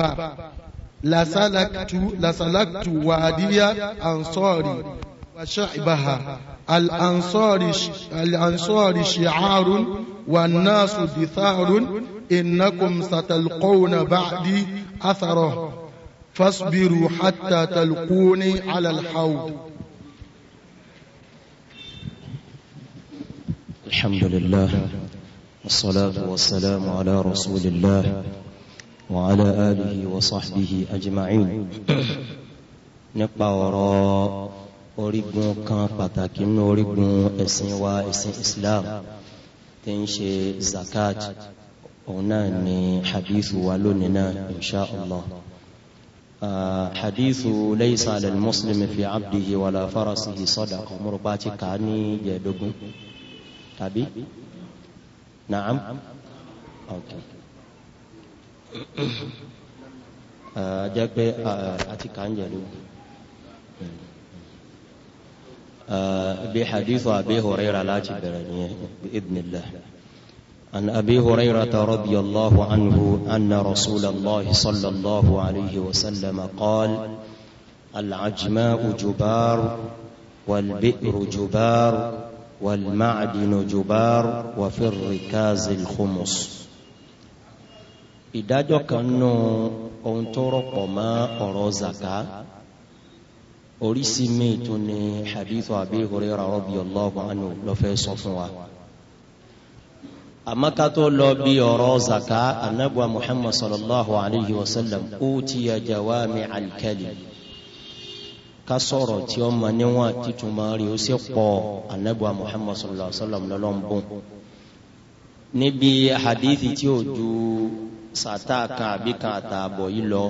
الأحباب لسلكت لسلكت وادي أنصاري وشعبها shi'arun wa شعار والناس دثار إنكم ستلقون بعدي أثره فاصبروا حتى تلقوني على الحوض الحمد لله والصلاة والسلام على رسول الله وعلى آله وصحبه أجمعين nípa وراء orígun kan pàtàkì nínú orígun ẹ̀sìn wa ẹ̀sìn Islam tí ń ṣe zakat òun náà ni hadithu wa lónìí náà insha allah hadithu laysa lil muslimi fi abdihi wala farasihi sadaqa mọ̀rọ̀pá ti kà á ní jẹ̀ẹ́dógún tàbí naam okay. بحديث أبي هريرة ti kàn jẹ́ ló. bi عن أبي هريرة رضي الله عنه أن رسول الله صلى الله عليه وسلم قال العجماء جبار والبئر جبار والمعدن جبار وفي الركاز الخمص ìdájọ́ kan nù ohun tó rọ̀pọ̀ mọ́ ọ̀rọ̀ zaka oríṣi míì tún ní hadith Abi Huraira radiyallahu anhu lọ́fẹ́ sọ fún wa. amakato lọ bí ọ̀rọ̀ zaka anabuwa muhammad sallallahu alayhi wa sallam utiya jawami alkalim ká sọ̀rọ̀ tí ó ma níwọ̀n títúmọ̀ rí ó sì pọ̀ muhammad sallallahu alayhi wa sallam lọ́lọ́mbọ̀n níbi hadithi tí ó ju sàtà kan àbí kan àtààbọ̀ yìí lọ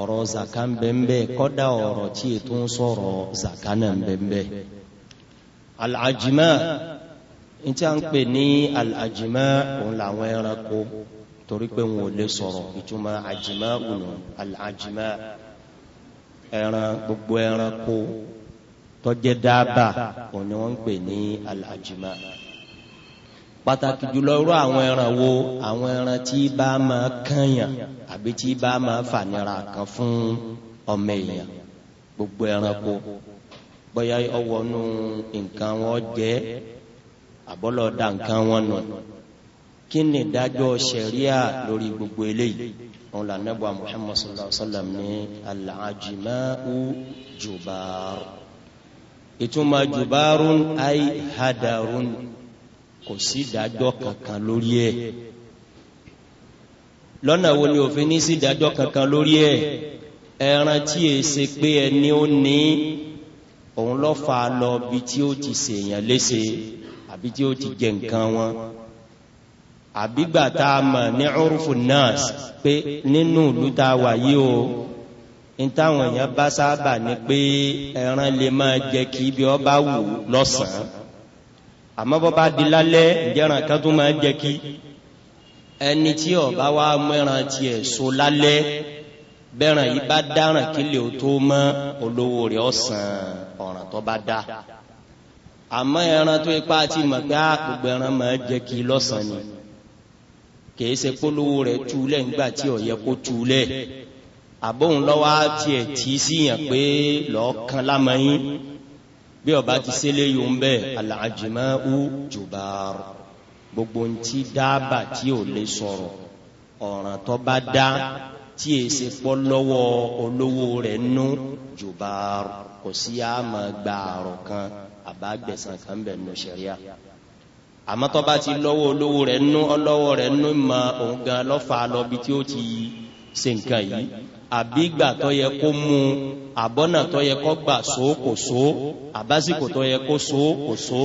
ọ̀rọ̀ zaka ń bẹ ń kọ́dà ọ̀rọ̀ tí ètò ń sọ̀rọ̀ zaka náà ń bẹ ń bẹ. alajima n tí a ń pè ní alajima òun làwọn ẹranko torí pé wọn ò lè sọ̀rọ̀ ìtumọ̀ ajima òun alajima ẹran gbogbo ẹranko tó jẹ́ dábàá òun ni wọ́n ń pè ní alajima pàtàkì jùlọ irú àwọn ẹran wo àwọn ẹran tí bá máa kànyàn àbí tí bá máa fànira kan fún ọmọ èèyàn gbogbo ẹranko bóyá ọwọ́nu nǹkan wọn jẹ́ àbọ́lọ́dà nǹkan wọn nù kí ni ìdájọ́ sẹ̀ríà lórí gbogbo eléyìí wọn là nẹ́bọ̀ Muhammad sallallahu alaihi wa sallam ní al-ajma'u jubar ìtumọ̀ jubarun ay hadarun kò sí ìdájọ́ kankan lórí ẹ̀ lọ́nà wo ni òfin ní sí ìdájọ́ kankan lórí ẹ̀ ẹran tí e ṣe pé ẹni ó ní òun lọ́ fà lọ bí tí ó ti ṣèyàn léṣe àbí tí ó ti jẹ nǹkan wọn àbígbà tá a mọ̀ ní urufu nas pé nínú ìlú tá a wà yìí o ní táwọn èèyàn bá sábà ní pé ẹran lè máa jẹ kí ibi ọba wù lọ́sàn-án àmọ́ bọ́ bá di lálẹ́ ìjẹran kan tó máa jẹ kí ẹni tí ọba wa mẹ́ran tiẹ̀ so lálẹ́ bẹ́ẹ̀ràn yìí bá dáràn kí lè o tó mọ́ olówó rẹ̀ ọ̀sán ọ̀ràn tó bá dá àmọ́ ẹran tó ipá ti mọ̀ pé àgbègbè ah, ẹran máa jẹ kí lọ́sàn-án ni kìí ṣe polówó rẹ̀ túlẹ̀ nígbà tí ó yẹ kó túlẹ̀ àbóhùn lọ́wọ́ tiẹ̀ tì í síyàn pé lọ́ọ́ kan lámọ́yìn bí ọba ti sẹ́lẹ̀ yóò ń bẹ́ alàjìmá ó jùbàrù gbogbo ń ti dábàá tí ò lè sọ̀rọ̀ ọ̀ràn tó bá dá tí èsì pọ́ lọ́wọ́ olówó rẹ̀ nú jùbàrù kò sí àmọ́ gba àrọ̀ kan àbágbẹ̀sán kan bẹ̀ nù sẹ̀ríà àmọ́ tó bá ti lọ́wọ́ olówó rẹ̀ nú ọlọ́wọ́ rẹ̀ nú ìmọ̀ òun gan lọ́fà lọ bí tí ó ti ṣe nǹkan yìí àbí tó yẹ kó mú un àbọ́nà tó yẹ kó gbà so kò so àbásìkò tó yẹ kó so kò so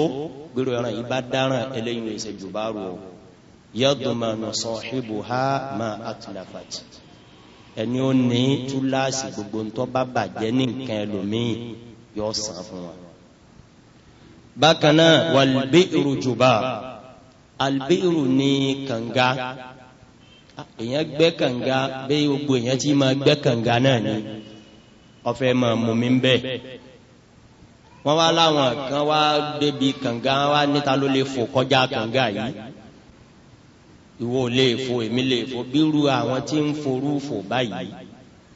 gbèrò ẹran yìí bá dáràn eléyìí ní ìṣèjú bá rò ó yadumanu sahibuha ma atlafat ẹni ó ní túláàsì gbogbo ńtọ́ bá bàjẹ́ ní nǹkan ẹlòmíì yọ san fún wa. bákan náà wàlbíìrù jùbà àlbíìrù ní kànga èèyàn gbẹ́ kànga bẹ́ẹ̀ gbogbo èèyàn ti máa gbẹ́ kànga náà ni ọfẹ mọ mọmi ń bẹ wọn wá láwọn kan wá débi kànga wá níta ló lè fò kọjá kànga yìí ìwọ lè fò èmi lè fò bírú àwọn tí ń forú fò báyìí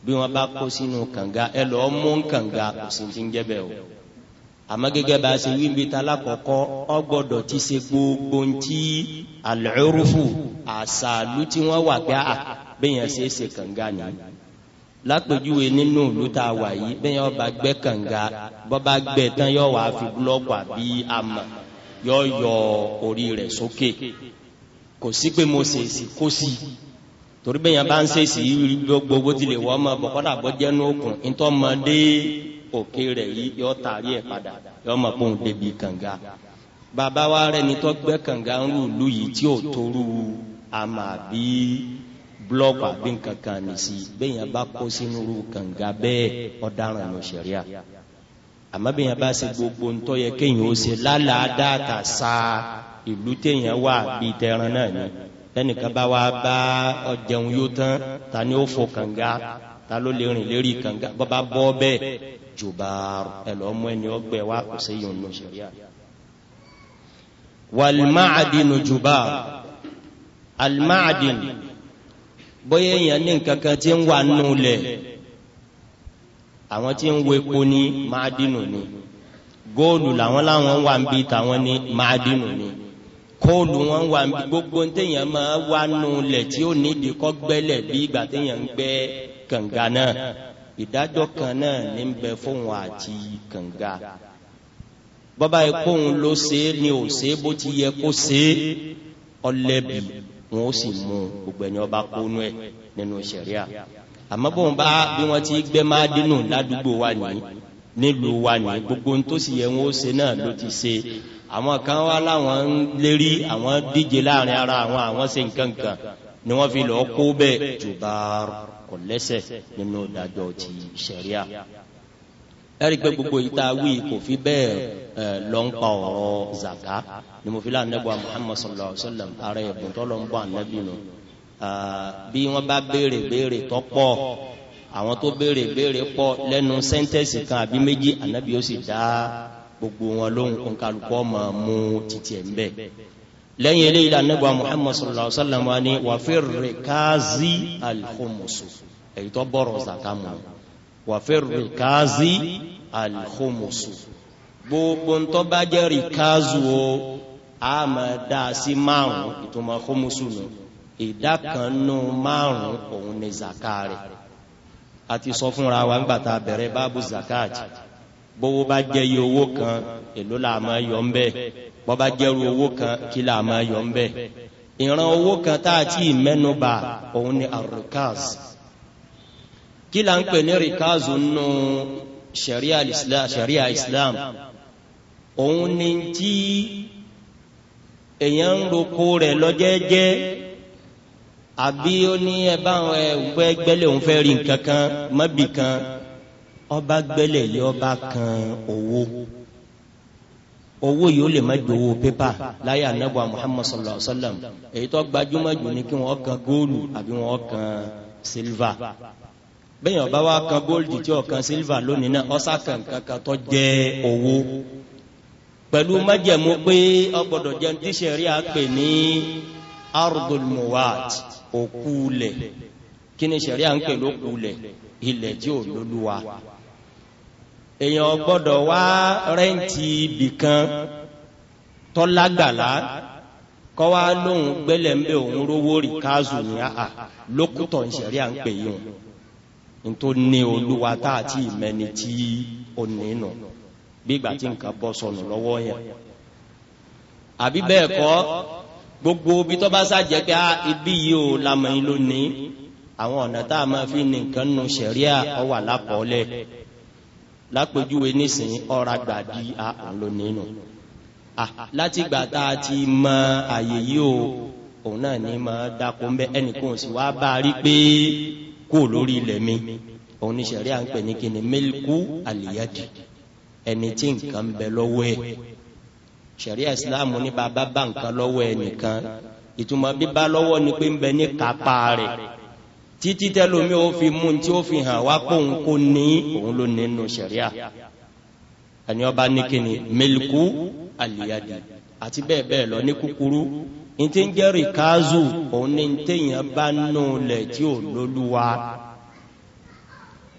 bí wọn bá kó sínú kànga ẹ lọ mú kànga kò sí ti ń jẹ o àmọ́ gẹ́gẹ́ bá a ṣe wí ń ta lákọ̀ọ́kọ́ ọ gbọ́dọ̀ ti ṣe gbogbo ń ti al-urfu àṣàlù tí wọ́n wà gbá bẹ́yẹn ṣe é ṣe kànga nìyí lápèjúwe nínú ìlú tá a wà yìí bẹ́ẹ̀ yóò bá gbẹ́ kànga bọ́ bá gbẹ́ tán yóò wá fi búlọ́ọ̀kù àbí amọ̀ yóò yọ orí rẹ̀ sókè kò sí pé mo ṣèṣì kó sí i torí bẹ́ẹ̀ yẹn bá ń ṣèṣì gbogbo tilẹ̀ wọ́n mọ̀ bọ̀kọ́dà bọ́ jẹ́nu òkun ntọ́ mọ dé òkè rẹ̀ yìí yóò tààrí ẹ̀ padà yóò mọ̀ pé òun débi kànga bàbá wa rẹ̀ ni gbẹ́ kànga ń rú ìlú yìí tí ò torú amọ̀ àbí blọọkù àbí nǹkan kan nìsí bẹ́ẹ̀ yẹn bá kó sínú irú kànga bẹ́ẹ̀ ọ̀daràn ló ṣẹ̀ríà àmọ́ bẹ́ẹ̀ yẹn bá ṣe gbogbo ntọ́ yẹ kéèyàn ó ṣe lálàá dáàtà sa ìlú téèyàn wà bíi tẹran náà ni tẹnìkan bá wá bá ọjẹun yóò tán ta ni ó fò kànga ta ló lè rìn lérí kànga bọ́ba bọ́ bẹ́ẹ̀ jùbàrù ẹ lọ́ mú ẹni ọgbẹ́ wa kò sí yòó ló ṣẹ̀ríà wàlmáàdínù jùbàrù almáàdínù bóyá èèyàn ní nǹkan kan tí ń wà nù lẹ̀ àwọn tí ń wo epo ní máàdínù ni góòlù làwọn láwọn wà ń bi tàwọn ní máàdínù ni kóòlù wọn wà ń bi gbogbo téèyàn máa wà nù lẹ̀ tí ó nídìí kọ́ gbẹ́lẹ̀ bí ìgbà téèyàn ń gbẹ́ kànga náà ìdájọ́ kan náà ní ń bẹ fóun àti kànga bọ́bá yẹ kóun ló ṣe é ni ò ṣe é bó ti yẹ kó ṣe é ọlẹ́bi wọn ó sì mú gbogbo ẹni ọba kónú ẹ nínú sẹríà àmọ́ bọ́n bá bí wọ́n ti gbẹ́ máa dínú ládùúgbò wa nìyí nílùú wa nìyí gbogbo ohun tó sì yẹ wọn ó ṣe náà ló ti ṣe àwọn kan wá láwọn ń lérí àwọn díje láàrin ara àwọn àwọn ṣe nǹkan kan ni wọ́n fi lọ́ọ́ kó bẹ́ẹ̀ jù bá kọ̀ lẹ́sẹ̀ nínú ìdájọ́ ti sẹríà ẹ̀rí pé gbogbo yìí tá a wí kò fi bẹ́ẹ̀ ẹ̀ lọ ọ̀rọ̀ zaka ni mo fi lá anabi wa muhammad sallallahu alayhi wa sallam ara ẹ̀bùn tó lọ ń bọ̀ anabi nù bí wọ́n bá béèrè béèrè tó pọ̀ àwọn tó béèrè béèrè pọ̀ lẹ́nu sẹ́ńtẹ́sì kan àbí méjì anabi ó sì dá gbogbo wọn lóhùn ònkàlùkọ́ máa mú títí ẹ̀ ń bẹ̀ lẹ́yìn eléyìí la anabi wa muhammad sallallahu alayhi wa sallam wa ni wàfẹ́ rẹ̀ káàzí alihumusu èyí wàfẹ́ rìkáàzì alìkómọ̀sù gbogbo ntọ́ bá jẹ́ rìkáàzù o a máa dá a sí márùn ìtumọ̀ kómọ̀sù nù ìdá kan nù márùn òun ni zakari a ti sọ fúnra wa nígbà tá a bẹ̀rẹ̀ báàbù zakati bówó bá jẹ́ iye owó kan èló la máa yọ ń bẹ́ẹ̀ bọ́ bá jẹ́ irú owó kan kí la máa yọ ń bẹ́ẹ̀ ìran owó kan tá a ti mẹ́nuba òun ni arukaz kí la ń pè ní rikazu nù sharia islam sharia islam òun ni tí èèyàn ń roko rẹ̀ lọ́jẹ́jẹ́ àbí ó ní ẹ báwọn ẹ wẹ́ gbẹ́lẹ̀ òun fẹ́ rí nǹkan kan mọ́bì kan ọba gbẹ́lẹ̀ lé ọba kan owó owó yìí ó lè má ju owó pépà láyé anábọ̀ Muhammad sallallahu alaihi wa sallam èyí tó gbajúmọ̀ jù ní kí wọ́n kan góòlù àbí wọ́n kan sílvà bẹ́ẹ̀ ọba wa kan góòlì tí ọ̀kan sílvà lónìí náà ọ̀sà kankan kan tó jẹ́ owó pẹ̀lú májẹ̀mú pé ọgbọ́dọ̀ jẹ́ ní tíṣẹ̀rí àpè ní ardul muwat òkúlẹ̀ kí ni ṣẹ̀rí à ń pè lókúlẹ̀ ilẹ̀ tí ò lóluwa èèyàn gbọ́dọ̀ wá rẹ́ǹtì ibìkan tọ́lágbàlá kọ́ wá lóhùn gbẹ́lẹ̀ ń bẹ òun rówó rí káàzù ní àà lókùtọ̀ ń ṣẹ̀rí à ń pè yìí nítorí ní olúwa tá a ti mẹni tí ó nínú gbígbà tí nǹkan bọ́ sọnù lọ́wọ́ yẹn àbí bẹ́ẹ̀ kọ́ gbogbo bí tó bá ṣàjẹ́ pé ah, ibi yìí ò lamọ̀ yín lónìí àwọn ọ̀nà tá a máa fi ní nu sẹ̀ríà ọwà lápọ̀ọ́lẹ̀ lápèjúwe nísìnyí ọ̀rá gbàdí àwọn ah, lónìí nù ah, láti gbà tá a ti mọ àyè yìí o òun náà ní máa dákun bẹ́ẹ̀ ẹnìkan sì wá bá a rí pé kó lórí ilẹ̀ mi òun ní sẹ̀rí à ń pè ní kíni mílíkù àlìyádì ẹni tí nǹkan ń bẹ lọ́wọ́ ẹ̀ sẹ̀rí islam ní bàbá bá nǹkan lọ́wọ́ ẹ̀ nìkan ìtumọ̀ bíbá lọ́wọ́ ni pé ń bẹ ní kápá rẹ̀ títí tẹlomi ó fi mú tí ó fi hàn wá kóhun kó ní òun ló nínú sẹ̀ríà ẹni ọba ní kíni mílíkù àlìyádì àti bẹ́ẹ̀ bẹ́ẹ̀ lọ ní kúkúrú ntí ń jẹ́ rìkázù òun ni ntẹ̀yìn bá nù lẹ̀ tí ò lóluwa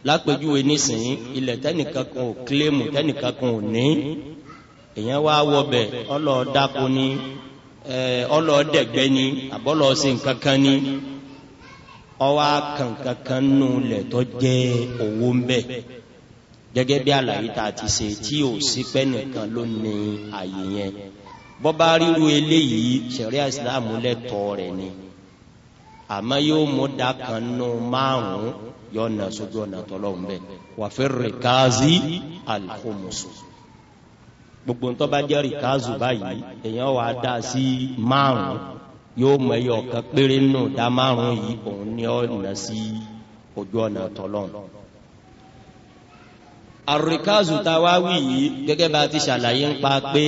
lápèjúwe nísìnyí ilẹ̀ tẹ́nìkan kan ò kílẹ̀mù tẹ́nìkan kan ò ní èyàn wá wọbẹ̀ ọlọ́ọ̀dàkọ ni ọlọ́ọ̀dẹ̀gbẹ́ ni àbọ̀lọ́ọ̀sìn kankan ni ọwọ́ kankankan nù lẹ̀ tó jẹ́ owó ń bẹ̀ gẹ́gẹ́ bí àlàyé tá a ti ṣe tí ò sí pẹ́ nìkan ló ní àyè yẹn bọ́bá ríru eléyìí sẹ̀ríà ìsìláàmù lẹ́tọ̀ọ́ rẹ̀ ni àmọ́ yóò mú dákan nù márùn-ún yóò nà sójú ọ̀nà tọ́lọ́hún bẹ́ẹ̀ wàfẹ́ rìkáàzì alikomusu gbogbo ntọ́ bá jẹ́ rìkáàzù báyìí èèyàn wà á dá sí márùn-ún yóò mọ ẹyọ ọ̀kan péré nù dá márùn-ún yìí òun ni ó sí ojú ọ̀nà tọ́lọ́hún àrùkáàzù táwa wì yìí gẹ́gẹ́ bá a ti ṣàlàyé ń pé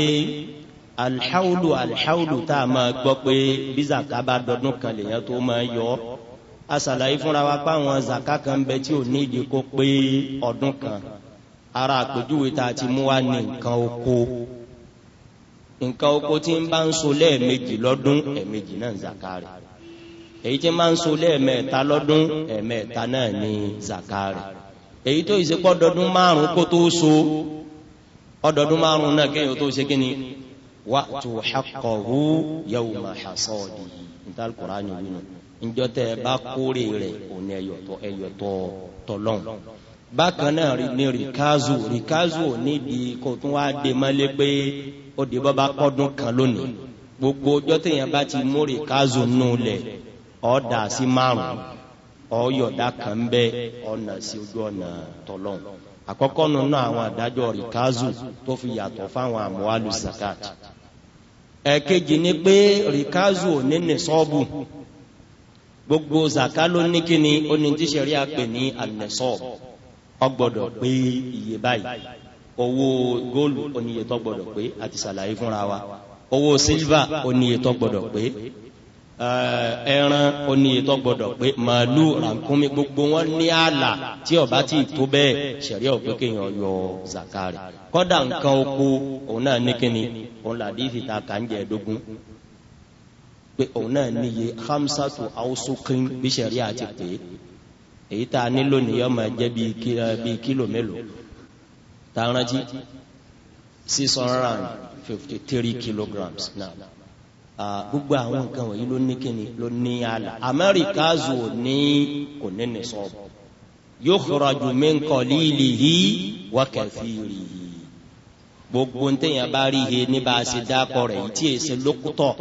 alḥawlu alḥawlu tá a máa gbọ́ pé bí zaka bá dọdún kan lèyàn tó máa yọ ọ́ asàlàyé fúnra wa pé àwọn zaka kan ń bẹ tí ò ní ìdí kó pé ọdún kan ara àpèjúwe tá a ti mú wa ní nǹkan oko nǹkan oko tí ń bá ń so lẹ́ẹ̀mejì lọ́dún ẹ̀ẹ̀mejì náà zaka rẹ̀ èyí tí ń bá ń so lẹ́ẹ̀mẹ́ta lọ́dún ẹ̀ẹ̀mẹ́ta náà ní zaka rẹ̀ èyí tó ìsepọ̀ ọdọọdún márùn kó tó so ọdọọdún márùn náà kéèyàn tó ṣe kí ni wa'tu haqqahu yawma ma níta Al-Qur'ani wí nù njọ́ tẹ́ ẹ bá o rẹ̀ òní ẹ̀yọ̀tọ̀ ẹ̀yọ̀tọ̀ bákan náà ní rìkázù rìkázù níbi kò tún wá dé mọ́lé pé o di ba kan gbogbo bá ti mú nù márùn kan si ojú àkọ́kọ́ nínú àwọn àdájọ́ rìkázù tó fi yàtọ̀ fáwọn àmúhálù zakat ẹ̀kejì ni pé rìkázù ò ní ní sọ́ọ̀bù gbogbo zaka ló ní kíni ó ní tí sẹ́rí àpè ní alẹ́sọ́ọ̀bù ó gbọ́dọ̀ pé iye báyìí owó góòlù oníyetọ́ gbọ́dọ̀ pé àti sàlàyé fúnra wa owó sílvà oníyetọ́ gbọ́dọ̀ pé Eh, ẹran oníyetọ gbọ́dọ̀ pé màálù rànkúnmi gbogbo wọn ní àlà tí ọba tí tó bẹ́ẹ̀ sẹrí ọgbẹ kéèyàn yọ zakari kódà nǹkan oko òun náà ní kíni òun làdí ìfìta kànjẹ ẹdógún pé òun náà níye hamsatu awusukin bí sẹrí àti pé èyí tá a nílò nìyọ máa jẹ bíi kílò mélòó tá a rántí six hundred fifty three kilograms náà. Ah, gbogbo àwọn nǹkan wọ̀nyí ló ní kíni ló ní àlà amẹ́ríkà zò ní kò ní ní sọ yukhraju min qalilihi wa kathirihi gbogbo ntẹ̀yìn bá rí he ní bá a ṣe dákọ̀ rẹ̀ yìí tí e ṣe lókútọ̀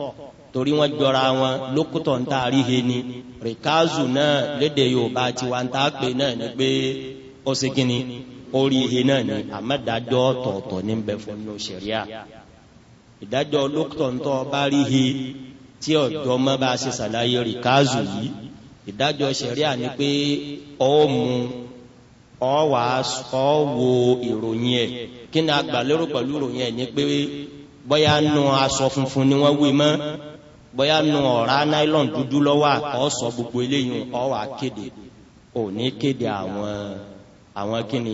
torí wọ́n jọra wọn lókútọ̀ ń tà rí he ni rìkázù náà léde yorùbá tiwa ń tà pé náà ni pé ó ṣe kíni ó rí he náà ni àmọ́ dájọ́ tọ̀ọ̀tọ̀ ní bẹ fún ní òṣèré à ìdájọ́ lókùtọ̀ntọ́ bá rí he tí ọ̀dọ́ mọ́ bá ṣe ṣàlàyé rí káàzù yìí ìdájọ́ ṣẹ̀ríà ni pé ọ mú ọ wà ọ wo ìròyìn ẹ̀ kí ni agbàlérò pẹ̀lú ìròyìn ẹ̀ ni pé bóyá nu aṣọ funfun ni wọ́n wí mọ́ bóyá nu ọ̀rá nylon dúdú lọ́wọ́ àkọ́ sọ gbogbo eléyìí ọ wà kéde ò ní kéde àwọn àwọn kíni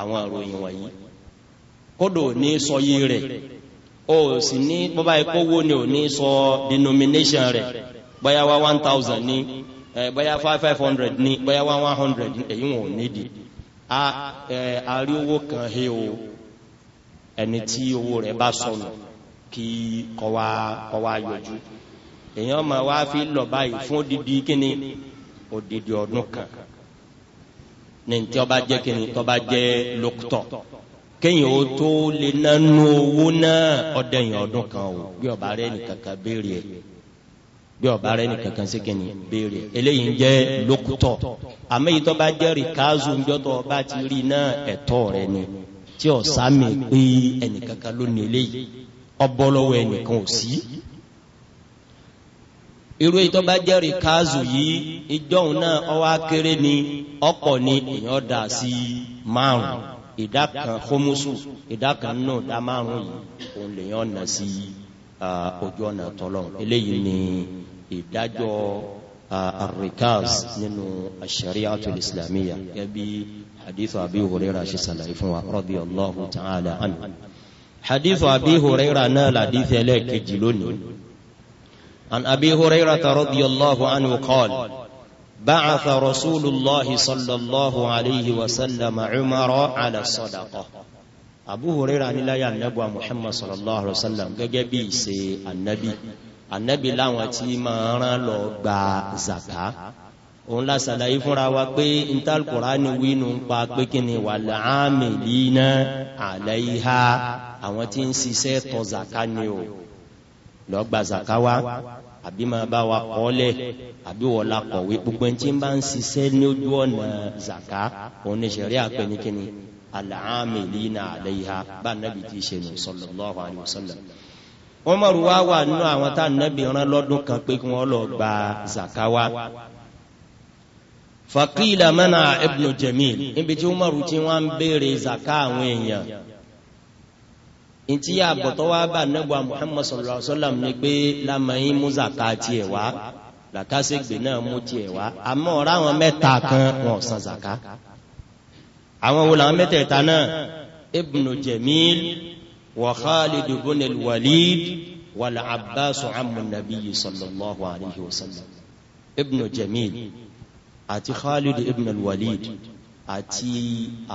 àwọn ìròyìn wọ̀nyí kódò ní sọ yìí rẹ̀ o sì ní bọ́bá ikú wo ni ò ní sọ denomination rẹ̀ bóyá wá one thousand ní bóyá five five hundred ní bóyá wá one hundred èyí wọn ò nídìí a arí owó kan he o ẹni tí owó rẹ̀ bá sọnù kí kọ́ wa kọ́ wa yọjú èèyàn máa wá fi lọ báyìí fún odidi kíni odidi ọdún kan ní tí ọba jẹ́ kíni tọ́ba jẹ́ lókùtọ̀ kéyìn ó tó lè nánú owó náà ọdẹyìn ọdún kan o bí ọba rẹ nìkankan béèrè ẹ bí ọba rẹ nìkankan sí kìíní béèrè eléyìí ń jẹ lókùtọ àmọ́ èyí tó bá jẹ rìkáàzù ńjọ tó ọba ti rí náà ẹ̀tọ́ rẹ ni tí ọsà mi pé ẹnìkankan ló ní eléyìí ọbọ lọ́wọ́ ẹnìkan ò sí irú èyí tó bá jẹ rìkáàzù yìí ìjọhùn náà ọwọ akéré ni ọ̀pọ̀ ni èèyàn dà sí márùn-ún ìdá kan kọmusu ìdá kan náà dá márùn yìí òun lèyàn nà sí ojú ọ̀nà tọ́lọ̀ eléyìí ni ìdájọ́ arikaz nínú ashariatul islamiyya gẹ́bí hadith abi hurera ṣe sàlàyé fún wa radiyallahu ta'ala anhu hadith abi hurera náà làdífẹ́ lẹ́ẹ̀kejì lónìí an abi hurera ta radiyallahu anhu qala. بعث رسول الله صلى الله عليه وسلم عمر على الصدقة Abu Hurairah ní láyé ànábì wa Muhammad sallallahu alaihi wa sallam gẹ́gẹ́ bí ìṣe ànábì ànábì láwọn tí máa rán lọ gba zaka òun la ṣàlàyé fúnra wa pé intalkurani wínú ń pa pé kí ni wal amilina alaiha àwọn tí ń ṣiṣẹ́ tọ zaka ni o lọ gba zaka wa àbí máa bá wa kọ́lẹ̀ àbí wọ́n la kọ̀wé gbogbo ẹni tí ń bá ń ṣiṣẹ́ ní ojú ọ̀nà zaka òun ní sẹ̀rí àpẹnikẹ́ni al-amilina alayha bá nàbì tí í ṣe nù sallallahu alayhi wa sallam. wọ́n mọ̀rù wá wà nínú àwọn tá nàbì rán lọ́dún kan pé kí wọ́n lọ gba zaka wa. faqila ibnu jamil níbi tí wọ́n mọ̀rù tí wọ́n ń béèrè zaka àwọn èèyàn ntí àbọ̀tọ́ wa bá nẹ́gbà muhammad sallallahu alayhi wa sallam ni pé lamẹ́yìn muzaka tiẹ̀ wá làkàṣègbè náà mú tiẹ̀ wá àmọ́ ọ̀rọ̀ àwọn mẹ́ta kan wọn san zaka àwọn wo làwọn mẹ́tẹ̀ẹ̀ta náà ibnu jamil wa khalid ibn al-walid wal abbas amu nabiyyi sallallahu alayhi wa sallam ibnu jamil àti khalid ibn al-walid. al àti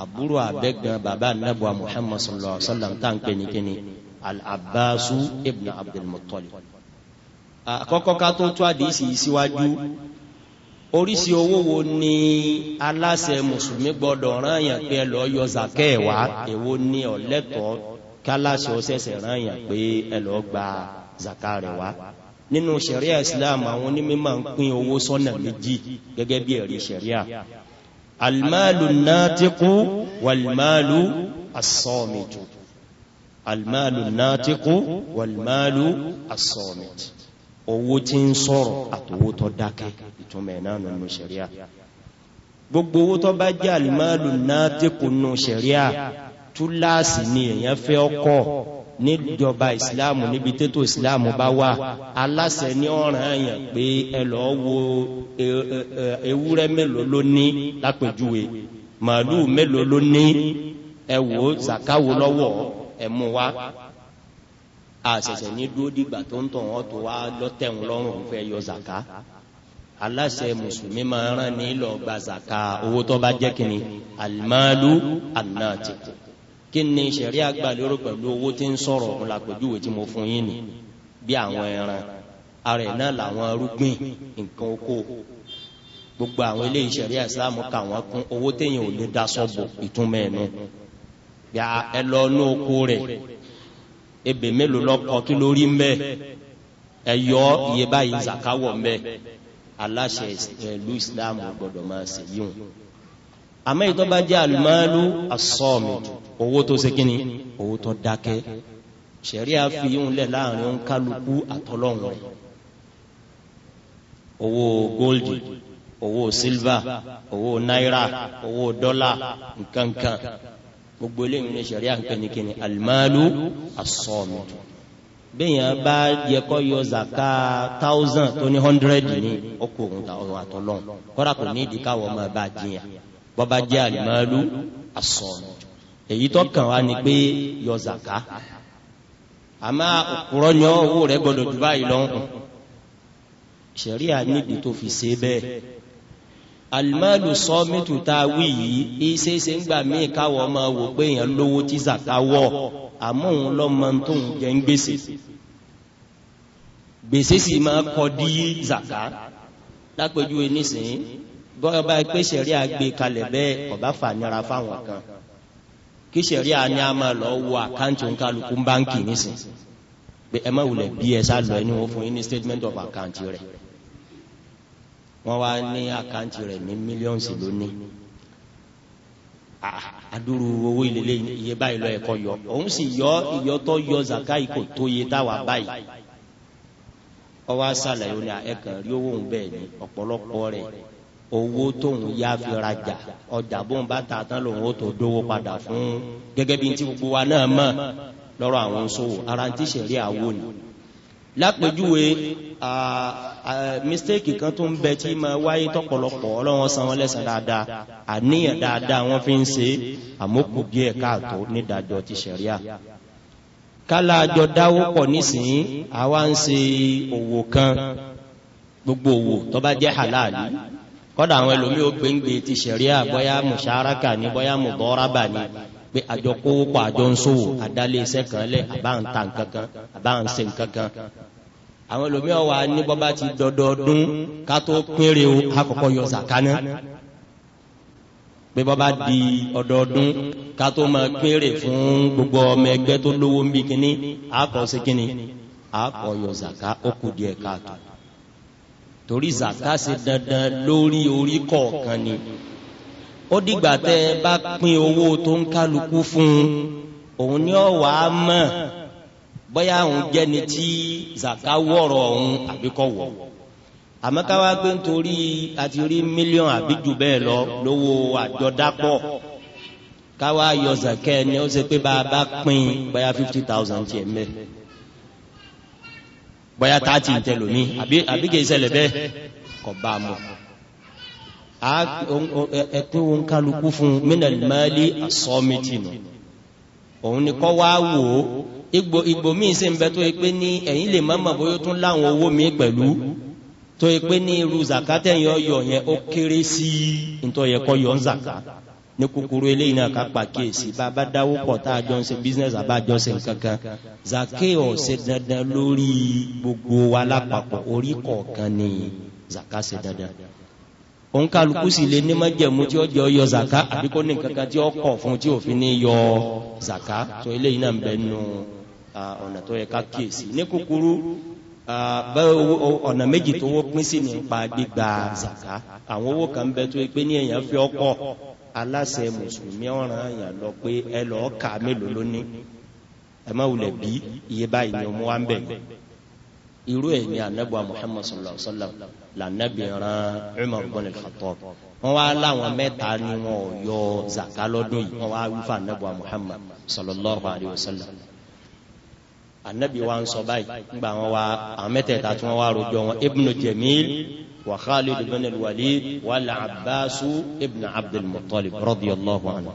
àbúrò abẹ́gbẹ́ bàbá anábùa muhammad sallallahu alaihi wa sallam tá à ń pè ní kíni al-abbasu ibn abdulmuttalib. àkọ́kọ́ ká tó tó àdìsí síwájú oríṣi owó wo ni aláṣẹ mùsùlùmí gbọdọ̀ rán yàn pé ẹ lọ́ọ́ yọ zakẹ́ èwo ni ọ̀lẹ́tọ̀ọ́ káláṣẹ ọ̀sẹ̀sẹ̀ rán yàn pé ẹ lọ́ọ́ gba zakà rẹ̀ wá nínú sẹ̀ríà islam àwọn onímọ̀ ń pín owó sọ́nà méjì gẹ́gẹ́ bí ẹ̀rí sẹ̀ríà المال الناتق والمال الصامت. المال الناتق والمال الصامت. owó tí ń sọ̀rọ̀ àtòwó tó dákẹ́ ìtumẹ̀ náà nínú sẹ̀ríà gbogbo owó tó bá jẹ́ almalu natiqu nínú sẹ̀ríà túláàsì ni èèyàn fẹ́ ọkọ̀ níjọba ìsìláàmù níbi tètò ìsìláàmù bá wà aláṣẹ ní ọ̀ràn àyàn pé ẹ lọ wo e, e, e, ewúrẹ́ mélòó ló ní lápèjúwe màálùú mélòó ló ní ẹ wò ó zakawo lọ́wọ́ ẹ mú wa àṣẹ̀ṣẹ̀ ní dúró dìgbà tó ń tọ̀ wọ́n tó wá lọ́tẹ̀wọ̀n lọ́rùn fẹ́ yọ zaka aláṣẹ mùsùlùmí máa rán ní lọ gba zaka owó tó bá jẹ́ kínní alimalu anati. Al kí ni sẹ̀rí àgbàlérò pẹ̀lú owó tí ń sọ̀rọ̀ ọ̀hún làpèjúwe tí mo fún yín ni bí àwọn ẹran ara ẹ̀ náà làwọn arúgbìn nǹkan oko gbogbo àwọn ilé ìṣẹ̀rí ìsìlámù kà wọ́n kún owó téèyàn ò lè da sọ́bù ìtumọ̀ ẹ̀nu bí ẹ lọ ní oko rẹ̀ ebè mélòó lọ́kọ kí ló rí mbẹ́ ẹ yọ iye báyìí zakawọ̀ mbẹ́ aláṣẹ ìlú ìsìlámù gbọdọ̀ máa ṣèyí wọn. àmọ́ ìtọ́ bá jẹ́ àlùmọ́ọ́lù owó tó ṣe kíni owó tó dákẹ́ sẹ̀ríà fi ń lẹ̀ láàrin ònkálukú àtọ́lọ́hún rẹ̀ owó góòlì owó sílvà owó náírà owó dọ́là nkankan gbogbo eléyìí ní sẹ̀ríà ń pè ní kíni alimalu asọ́ọ̀mù bẹ́yìn bá yẹ kọ́ yọ zaka thousand tó ní hundred ní ọkọ̀ òun tàwọn àtọ́lọ́hún kọ́ra kò ní ìdíkàwọ́ ọmọ ẹ̀ bá jìyà bọ́ jẹ́ alimalu asọ́ọ̀mù èyí tó kàn wá ni pé yọ zaka àmọ́ òkúrọ yan owó rẹ gbọ́dọ̀ jù báyìí lọhùn sẹríà níbi tó fi ṣe bẹ́ẹ̀ alimalu sọmitu ta wí yìí ìṣeéṣe ń gbà míì káwọ ọmọ wò pé èèyàn lówó tí zaka wọ àmọ́ òun lọmọ tóun jẹ ń gbèsè gbèsè sì máa kọ dí zaka lápẹjù nísìnyí bọ́ọ̀ bá pèsè rí àgbékalẹ̀ bẹ́ẹ̀ ọ̀bá fà nira fáwọn kan kí sẹ̀rí àní a máa lọ wo àkáǹtì òǹkàlùkù báńkì nísìn pé ẹ má wulẹ̀ bí lọ ẹni wọn fún yín ní statement of account rẹ̀ wọ́n wá ní àkáǹtì rẹ̀ ní millions lónìí adúrú owó ìlélẹ́ iye báyìí lọ ẹ̀kọ́ yọ òun sì yọ ìyọ́ tó yọ zakai kò tó yẹ táwa báyìí ọwọ́ àṣàlàyé ó ní ẹ̀kan rí owó òun bẹ́ẹ̀ ni ọ̀pọ̀lọpọ̀ rẹ̀ owó tóun yá fi rajà ọjà bóun bá ta tán lòun ó tó dówó padà fún gẹ́gẹ́ bí ti gbogbo wa náà mọ̀ lọ́rọ̀ àwọn sòwò ara ti ṣẹlẹ àwo ni lápèjúwe mistake kan tó ń bẹ tí ma wáyé tọ̀pọ̀lọpọ̀ Ọlọ́run san wọn lẹ́san dáadáa àníyàn dáadáa wọ́n fi ń ṣe àmókù díẹ̀ e káàtó nídàjọ́ ti ṣẹríà kálá àjọ dáwó pọ̀ nísìnyí àwa ń ṣe òwò kan gbogbo òwò tó bá jẹ́ halali kọ́dà àwọn ẹlòmí ó gbéǹgbé ti ṣẹ̀ríà bọ́yá mùsàáràkà ní bọ́yá mùbọ́rábà ní pé àjọ kówó pa àjọ ń sòwò àdálé iṣẹ́ kan lẹ̀ àbá ń ta nǹkan kan àbá ń ṣe nǹkan kan àwọn ẹlòmí ọ̀wà ní bọ́bá ti dọdọọdún ká tó péré o àkọ́kọ́ yọ sàkánná pé bọ́bá di ọdọọdún ká tó máa péré fún gbogbo ọmọ ẹgbẹ́ tó lówó ń bí kínní àkọ́ sí kínní àkọ́ yọ sàká ó kù díẹ̀ káàtó torí zaka se dandan lórí orí kọ̀ọ̀kan ni ó dìgbà tẹ bá pín owó tó ń kálukú fún un òun ni ó wà á mọ̀ bóyá òun jẹ́ni tí zaka wọ̀rọ̀ òun àbí kò wọ̀ àmọ́ ká wá pé nítorí àti rí mílíọ̀nù àbí jù bẹ́ẹ̀ lọ lówó àjọdápọ̀ ká yọ zaka ẹni ó ṣe pé bá a bá pín bóyá fifty thousand tiẹ̀ mẹ́ẹ̀. bóyá tààtì ń tẹlomi àbí kìí ṣẹlẹ̀ bẹ́ẹ̀ kò bá a mọ̀ ẹ̀pẹ́ òun kálukú fún minal mali asọ́mìtì nù òun ni kọ́ wá wò ó igbó igbó míì sì ń bẹ tó yẹ pé ní ẹ̀yìn lè má mọ̀ bóyá tún láwọn owó mi pẹ̀lú tó yẹ pé ní irú zakatẹ́yìn ọyọ yẹn ó kéré sí ntọ́ yẹ kọ́ yọ ń zaka. ní kúkúrú eléyìí náà ká pàkíyèsí bàbá dáwó pọ̀ tá a jọ ń ṣe business àbá jọ ṣe nǹkan kan zakeo ṣe dandan lórí gbogbo wa lápapọ̀ orí kọ̀ọ̀kan ni zaka ṣe dandan onkaluku sì lè ní májẹ̀mú tí ó jẹ́ ọyọ zaka àbí kó ní nǹkan tí ó kọ̀ fún tí òfin ní yọ zaka tó eléyìí náà ń bẹ nù ọ̀nà tó yẹ ká kíyèsí ní kúkúrú ọ̀nà méjì tó wó pín sí nípa gbígba zaka àwọn owó kan bẹ tó yẹ pé ní èèyàn fi ọkọ̀ aláṣẹ mùsùlùmí ọ̀ràn àyàn lọ pé ẹ lọ́ọ́ kà mélòó lóní ẹ má wulẹ̀ bí iye báyìí ni ọmọ wa ń bẹ̀ yìí irú ẹ̀ ní anabuwa muhammad sallallahu alaihi wa sallam lànàbì ran umar bin al-khattab wọn wá láwọn mẹ́ta ni wọn ò yọ zaka lọ́dún yìí wọn wá wífa anabuwa muhammad sallallahu alaihi wa sallam anabi wa ń sọ báyìí nígbà wọn wá àwọn mẹ́tẹ̀ẹ̀ta tí wọn wá rojọ́ wọn ibnu jamil وخالد بن الوليد والعباس ابن عبد المطلب رضي الله عنه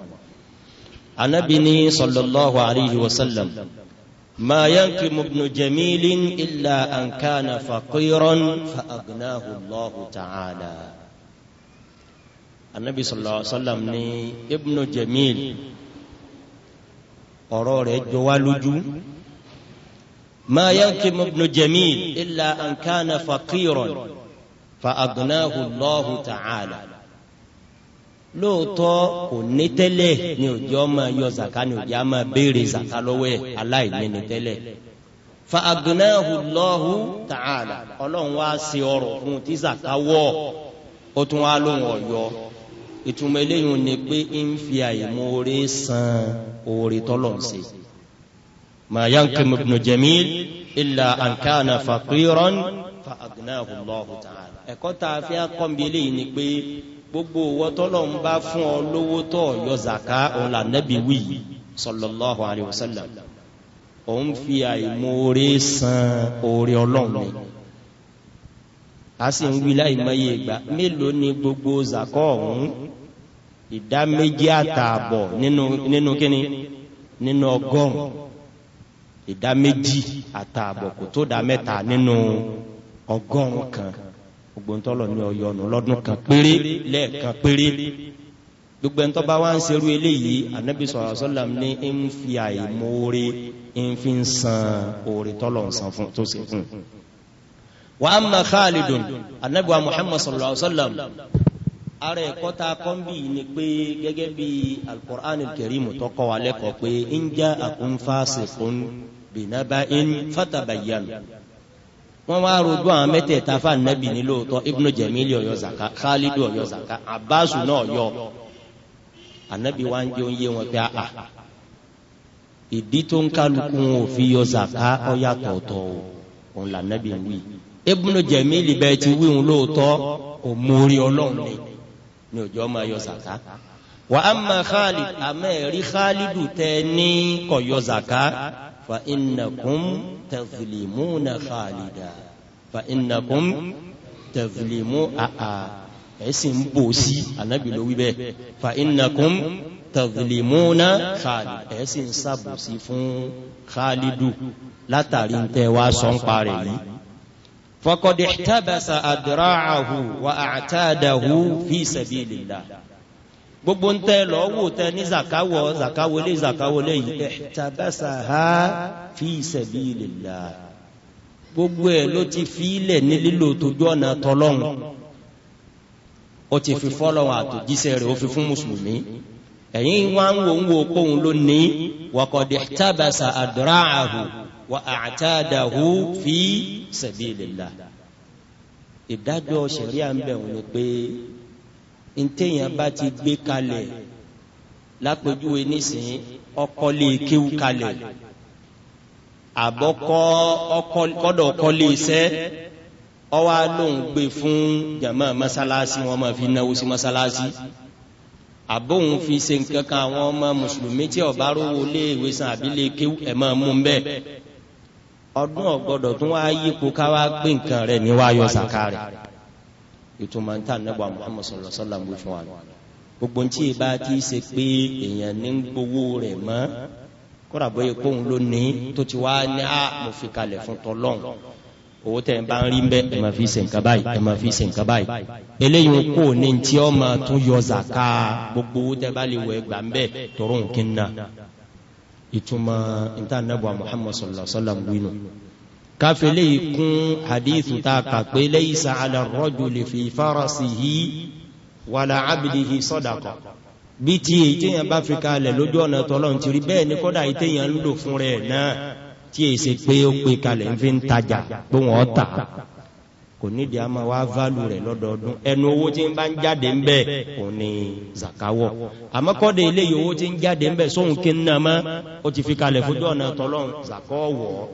عن ابني صلى الله عليه وسلم ما ينكم ابن جميل إلا أن كان فقيرا فأغناه الله تعالى النبي صلى الله عليه وسلم ني ابن جميل أرور جوالجو ما ينكم ابن جميل إلا أن كان فقيرا fa agnahu Allahu ta'ala lóòótọ́ kò ní tẹ́lẹ̀ ní òjò máa yọ zaka ní òjò máa béèrè zaka lọ́wọ́ ẹ̀ aláìní ní tẹ́lẹ̀ fa agnahu Allahu ta'ala ọlọ́run wá sí ọrọ̀ fún tí zaka wọ̀ ó tún wá lóhùn ọ̀yọ́ ìtumọ̀ eléyìí ni pé ń fi àìmoore san oore tọ́lọ̀ ń ṣe. ma yankim ibn jamil illa fa agnahu Allahu ta'ala ẹ̀kọ́ tá a fẹ́ kọ́ńbélé yìí ni pé gbogbo owó tọ́lọ̀ ń bá fún ọ lówó tọ́ yọ zaka òun nẹ́bi wí sallallahu alayhi wa sallam òun fi àìmoore san oore ọlọ́run ni a sì ń wí láìmọye ìgbà mélòó ni gbogbo zaka ọ̀hún ìdá méjì àtààbọ̀ nínú nínú nínú ọgọ́rùn ìdá méjì àtààbọ̀ kò tó dá mẹ́ta nínú ọgọ́rùn kan gbogbo ntọ́lọ̀ ní ọyọ ọ̀nà lọ́dún kan péré lẹ́ẹ̀kan péré gbogbo ẹni tó bá wá ń serú eléyìí anabi sọ̀rọ̀ sọ́làm ní ń fi àìmoore ń fi ń san oore tọ́lọ̀ ń san fún tó sì fún. wa amma khalidun anabi wa muhammad sọ̀rọ̀ sọ́làm ara ẹ̀kọ́ ta ni pé gẹ́gẹ́ bí alukur'an kẹrìmù tó kọ́ wa lẹ́kọ̀ọ́ pé ń já àkúnfà sèkún bìnnábà ń fatabayyanu wọ́n wá rojú àwọn mẹ́tẹ̀ẹ̀ta fún anabi ní lóòótọ́ ibnu jẹ̀mílì ọ̀yọ́ zaka khalidu ọ̀yọ́ zaka abbasu náà yọ anabi wá ń jẹun yé wọn pé a ah, ah, ah, ìdí tó ń kálukú wọn ò fi yọ zaka ọ̀yà tọ̀ọ̀tọ̀ o òun là anabi ń wí ibnu jẹ̀mílì bẹ́ẹ̀ ti wí òun lóòótọ́ kò mórí ọlọ́run ni ní òjò máa yọ zaka wa amma khalid àmẹ́ ẹ̀rí khalidu tẹ ní kọ̀ yọ zaka. فإنكم تظلمون tazlimuna فإنكم fa innakum tazlimu àà ẹ̀sìn ń bò sí anabi ló wí bẹ́ẹ̀ fa innakum tazlimuna khalida ẹ̀sìn sábòsí fún khalidu látàrí ń tẹ́ wá sọ ń parẹ́ yìí. faqad ihtabasa adra'ahu wa a'tadahu fi sabilillah gbogbo ń tẹ lọ wò tẹ ní zakawọ zakawọlé zakawọlé yìí ẹ tabasa ha fi sabilillah gbogbo ẹ ló ti fi ilẹ̀ ní lílo tójú ọ̀nà tọlọ́hún ó ti fi fọlọ́hún àtòjíṣẹ́ rẹ̀ ó fi fún mùsùlùmí ẹ̀yin wá ń wo ń wo kóhun ló ní tabasa adra'ahu wa a'tadahu fi sabilillah ìdájọ́ ṣẹ̀ríà ń bẹ̀ wọ́n ni pé ntẹ̀yìn bá ti gbé kalẹ̀ lápẹjúwe nísìnyí ọkọ lè kéwú kalẹ̀ àbọ̀kọ́ kọ́dọ̀ ọkọ lè sẹ́ ọwọ́ alóhùn gbé fún jama masalasi wọn máa fi náwó sí masalasi àbóhùn fi ṣe nǹkan kan àwọn ọmọ mùsùlùmí tí ọba rówó léèwé san àbílẹ̀ kéwú ẹ̀ máa mú bẹ́ẹ̀ ọdún ọ̀gbọ́dọ̀ tún wá yípo ká wá gbé nǹkan rẹ̀ ní wá yọ sàkà rẹ̀ ìtumọ̀ ntá nẹ́bà Muhammad sallallahu alaihi wasallam fún wa gbogbo ntí ìbá ti ṣe pé èèyàn ní ń gbowó rẹ̀ mọ́ kódà bóyá kóhun ló ní tó ti wá ní a mo fi kalẹ̀ fún tọ́lọ́n owó tẹ̀ ń bá ń rí ń bẹ́ ẹ̀ máa fi ṣe nǹkan báyìí ẹ̀ máa fi ṣe nǹkan báyìí eléyìí kò ní ntí ọ tún yọ zàká gbogbo owó tẹ̀ bá lè wọ ẹgbà ń bẹ́ tọrọ nǹkan náà ìtumọ̀ ntá Muhammad sallallahu alaihi wasallam wí nù káfílẹ̀ ikún hadithu ta kàpé laysa ala rajuli fi farasihi wàlà abdihi sadaqa bí ti èyí téèyàn bá fi kalẹ̀ lójú ọ̀nà tọ́lọ́run ti rí bẹ́ẹ̀ ni kódà èyí téèyàn ń lò fún rẹ̀ náà tí èyí ṣe pé ó pe kalẹ̀ ń fi ń tajà pé wọ́n tà kò nídìí a máa wá válù rẹ̀ lọ́dọọdún ẹnu owó tí ń bá ń jáde ń bẹ̀ òun ni zakawọ̀ àmọ́ kọ́dé eléyìí owó tí ń jáde ń bẹ̀ sóhun kí ń nà mọ́ ti fi kalẹ̀ fojú ọ̀nà tọ́lọ́run zakawọ̀ ọ́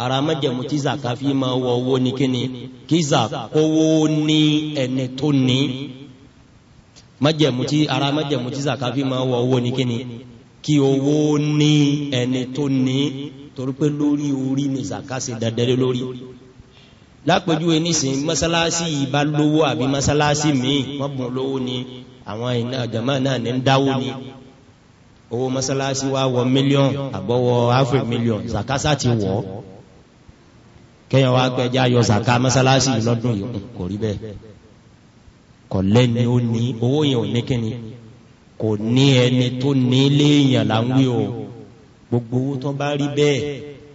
ara mẹ́jẹ̀mú tí zaka fi máa wọ owó ní kíni kí zakowó ní ẹni tó ní mẹ́jẹ̀mú tí ara mẹ́jẹ̀mú tí zaka fi máa wọ owó ní kíni kí owó ní ẹni tó ní torí pé lórí orí ni zaka ṣe dandan lórí lápẹjúwe nísìnyí mọ́sálásí yìí lówó àbí mọ́sálásí míì wọ́n bùn lówó ni àwọn iná jama náà ní ń dáwó ni owó mọ́sálásí wa wọ mílíọ̀n àbọ̀wọ̀ áfírí mílíọ̀n zakasa ti wọ̀ ọ́ kẹ́yàn wá gbẹ̀já yọ zaka mọ́sálásí lọ́dún yìí kò rí bẹ́ẹ̀ kò lẹ́ni ó ní owó yẹn ò ní kíni kò ní ẹni tó ní léèyàn láwí o gbogbo owó tó bá rí bẹ́ẹ̀